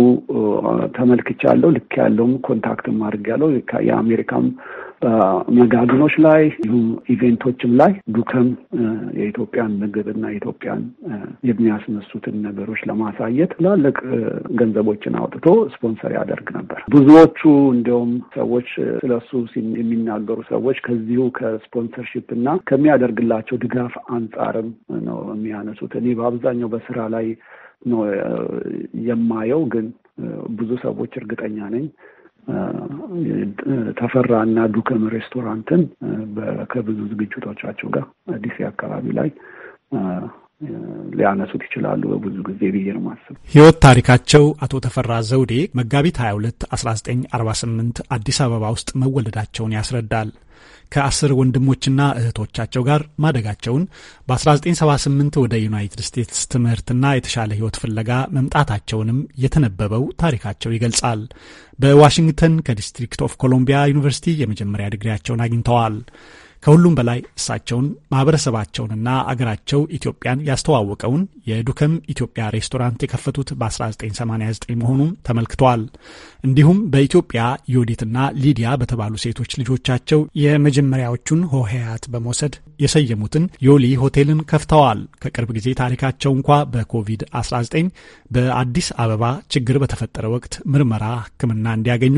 ተመልክቻለሁ። ልክ ያለውም ኮንታክትም አድርጌያለሁ። የአሜሪካም መጋዘኖች ላይ ይሁም ኢቬንቶችም ላይ ዱከም የኢትዮጵያን ምግብና የኢትዮጵያን የሚያስነሱትን ነገሮች ለማሳየት ትላልቅ ገንዘቦችን አውጥቶ ስፖንሰር ያደርግ ነበር። ብዙዎቹ እንዲሁም ሰዎች ስለሱ የሚናገሩ ሰዎች ከዚሁ ከስፖንሰርሽፕ እና ከሚያደርግላቸው ድጋፍ አንጻርም ነው የሚያነሱት። እኔ በአብዛኛው በስራ ላይ ነው የማየው። ግን ብዙ ሰዎች እርግጠኛ ነኝ ተፈራ እና ዱከም ሬስቶራንትን ከብዙ ዝግጅቶቻቸው ጋር ዲሲ አካባቢ ላይ ሊያነሱት ይችላሉ በብዙ ጊዜ ብዬ ነው ማስብ። ህይወት ታሪካቸው አቶ ተፈራ ዘውዴ መጋቢት 22 1948 አዲስ አበባ ውስጥ መወለዳቸውን ያስረዳል። ከአስር ወንድሞችና እህቶቻቸው ጋር ማደጋቸውን በ1978 ወደ ዩናይትድ ስቴትስ ትምህርትና የተሻለ ሕይወት ፍለጋ መምጣታቸውንም የተነበበው ታሪካቸው ይገልጻል። በዋሽንግተን ከዲስትሪክት ኦፍ ኮሎምቢያ ዩኒቨርሲቲ የመጀመሪያ ድግሪያቸውን አግኝተዋል። ከሁሉም በላይ እሳቸውን ማህበረሰባቸውንና አገራቸው ኢትዮጵያን ያስተዋወቀውን የዱከም ኢትዮጵያ ሬስቶራንት የከፈቱት በ1989 መሆኑን ተመልክተዋል። እንዲሁም በኢትዮጵያ ዮዲትና ሊዲያ በተባሉ ሴቶች ልጆቻቸው የመጀመሪያዎቹን ሆሄያት በመውሰድ የሰየሙትን ዮሊ ሆቴልን ከፍተዋል። ከቅርብ ጊዜ ታሪካቸው እንኳ በኮቪድ-19 በአዲስ አበባ ችግር በተፈጠረ ወቅት ምርመራ፣ ሕክምና እንዲያገኙ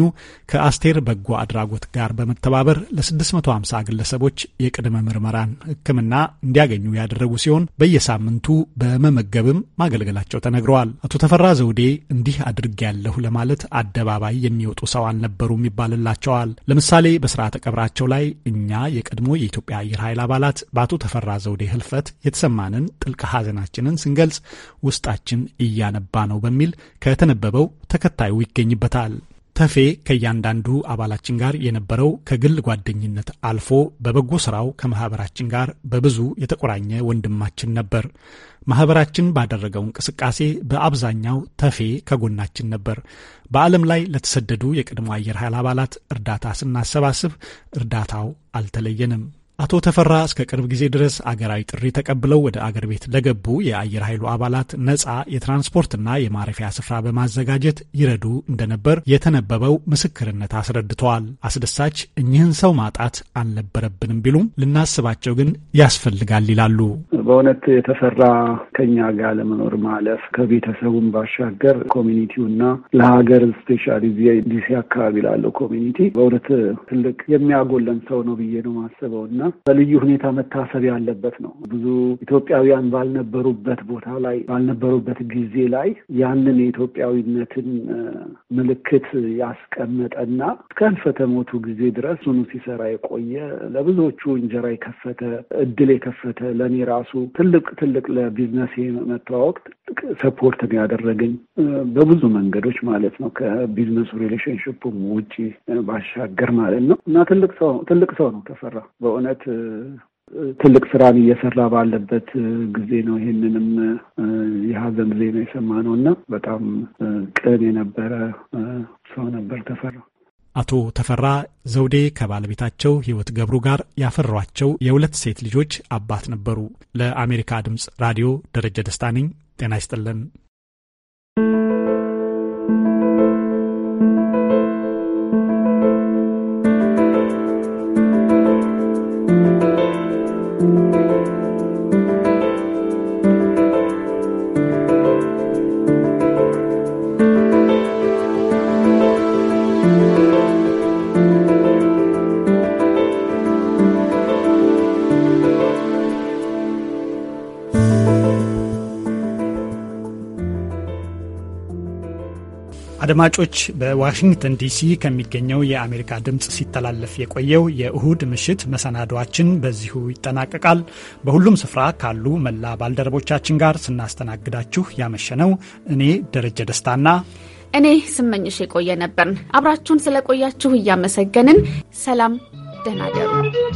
ከአስቴር በጎ አድራጎት ጋር በመተባበር ለ650 ግለሰቦች ሰዎች የቅድመ ምርመራን ሕክምና እንዲያገኙ ያደረጉ ሲሆን በየሳምንቱ በመመገብም ማገልገላቸው ተነግረዋል። አቶ ተፈራ ዘውዴ እንዲህ አድርጌያለሁ ለማለት አደባባይ የሚወጡ ሰው አልነበሩም ይባልላቸዋል። ለምሳሌ በስርዓተ ቀብራቸው ላይ እኛ የቀድሞ የኢትዮጵያ አየር ኃይል አባላት በአቶ ተፈራ ዘውዴ ህልፈት የተሰማንን ጥልቅ ሐዘናችንን ስንገልጽ ውስጣችን እያነባ ነው በሚል ከተነበበው ተከታዩ ይገኝበታል። ተፌ ከእያንዳንዱ አባላችን ጋር የነበረው ከግል ጓደኝነት አልፎ በበጎ ስራው ከማህበራችን ጋር በብዙ የተቆራኘ ወንድማችን ነበር። ማህበራችን ባደረገው እንቅስቃሴ በአብዛኛው ተፌ ከጎናችን ነበር። በዓለም ላይ ለተሰደዱ የቀድሞ አየር ኃይል አባላት እርዳታ ስናሰባስብ እርዳታው አልተለየንም። አቶ ተፈራ እስከ ቅርብ ጊዜ ድረስ አገራዊ ጥሪ ተቀብለው ወደ አገር ቤት ለገቡ የአየር ኃይሉ አባላት ነጻ የትራንስፖርትና የማረፊያ ስፍራ በማዘጋጀት ይረዱ እንደነበር የተነበበው ምስክርነት አስረድተዋል። አስደሳች እኚህን ሰው ማጣት አልነበረብንም ቢሉም ልናስባቸው ግን ያስፈልጋል ይላሉ። በእውነት የተፈራ ከኛ ጋር ለመኖር ማለፍ ከቤተሰቡን ባሻገር ኮሚኒቲውና ለሀገር ስፔሻሊ ዲሲ አካባቢ ላለው ኮሚኒቲ በእውነት ትልቅ የሚያጎለን ሰው ነው ብዬ ነው ማስበውና በልዩ ሁኔታ መታሰብ ያለበት ነው። ብዙ ኢትዮጵያውያን ባልነበሩበት ቦታ ላይ ባልነበሩበት ጊዜ ላይ ያንን የኢትዮጵያዊነትን ምልክት ያስቀመጠና እስከ ሕልፈተ ሞቱ ጊዜ ድረስ ኑ ሲሰራ የቆየ ለብዙዎቹ እንጀራ የከፈተ እድል የከፈተ ለእኔ ራሱ ትልቅ ትልቅ ለቢዝነስ መተዋወቅ ሰፖርት ያደረገኝ በብዙ መንገዶች ማለት ነው። ከቢዝነሱ ሪሌሽንሽፕ ውጭ ባሻገር ማለት ነው እና ትልቅ ሰው ነው ተፈራ በእውነት በቅርበት ትልቅ ስራን እየሰራ ባለበት ጊዜ ነው። ይህንንም የሀዘን ዜና የሰማ ነው እና በጣም ቅን የነበረ ሰው ነበር ተፈራ። አቶ ተፈራ ዘውዴ ከባለቤታቸው ህይወት ገብሩ ጋር ያፈሯቸው የሁለት ሴት ልጆች አባት ነበሩ። ለአሜሪካ ድምፅ ራዲዮ ደረጀ ደስታ ነኝ። ጤና ይስጥልን። አድማጮች በዋሽንግተን ዲሲ ከሚገኘው የአሜሪካ ድምፅ ሲተላለፍ የቆየው የእሁድ ምሽት መሰናዷችን በዚሁ ይጠናቀቃል። በሁሉም ስፍራ ካሉ መላ ባልደረቦቻችን ጋር ስናስተናግዳችሁ ያመሸነው እኔ ደረጀ ደስታና እኔ ስመኝሽ የቆየ ነበርን። አብራችሁን ስለቆያችሁ እያመሰገንን ሰላም፣ ደህና ደሩ።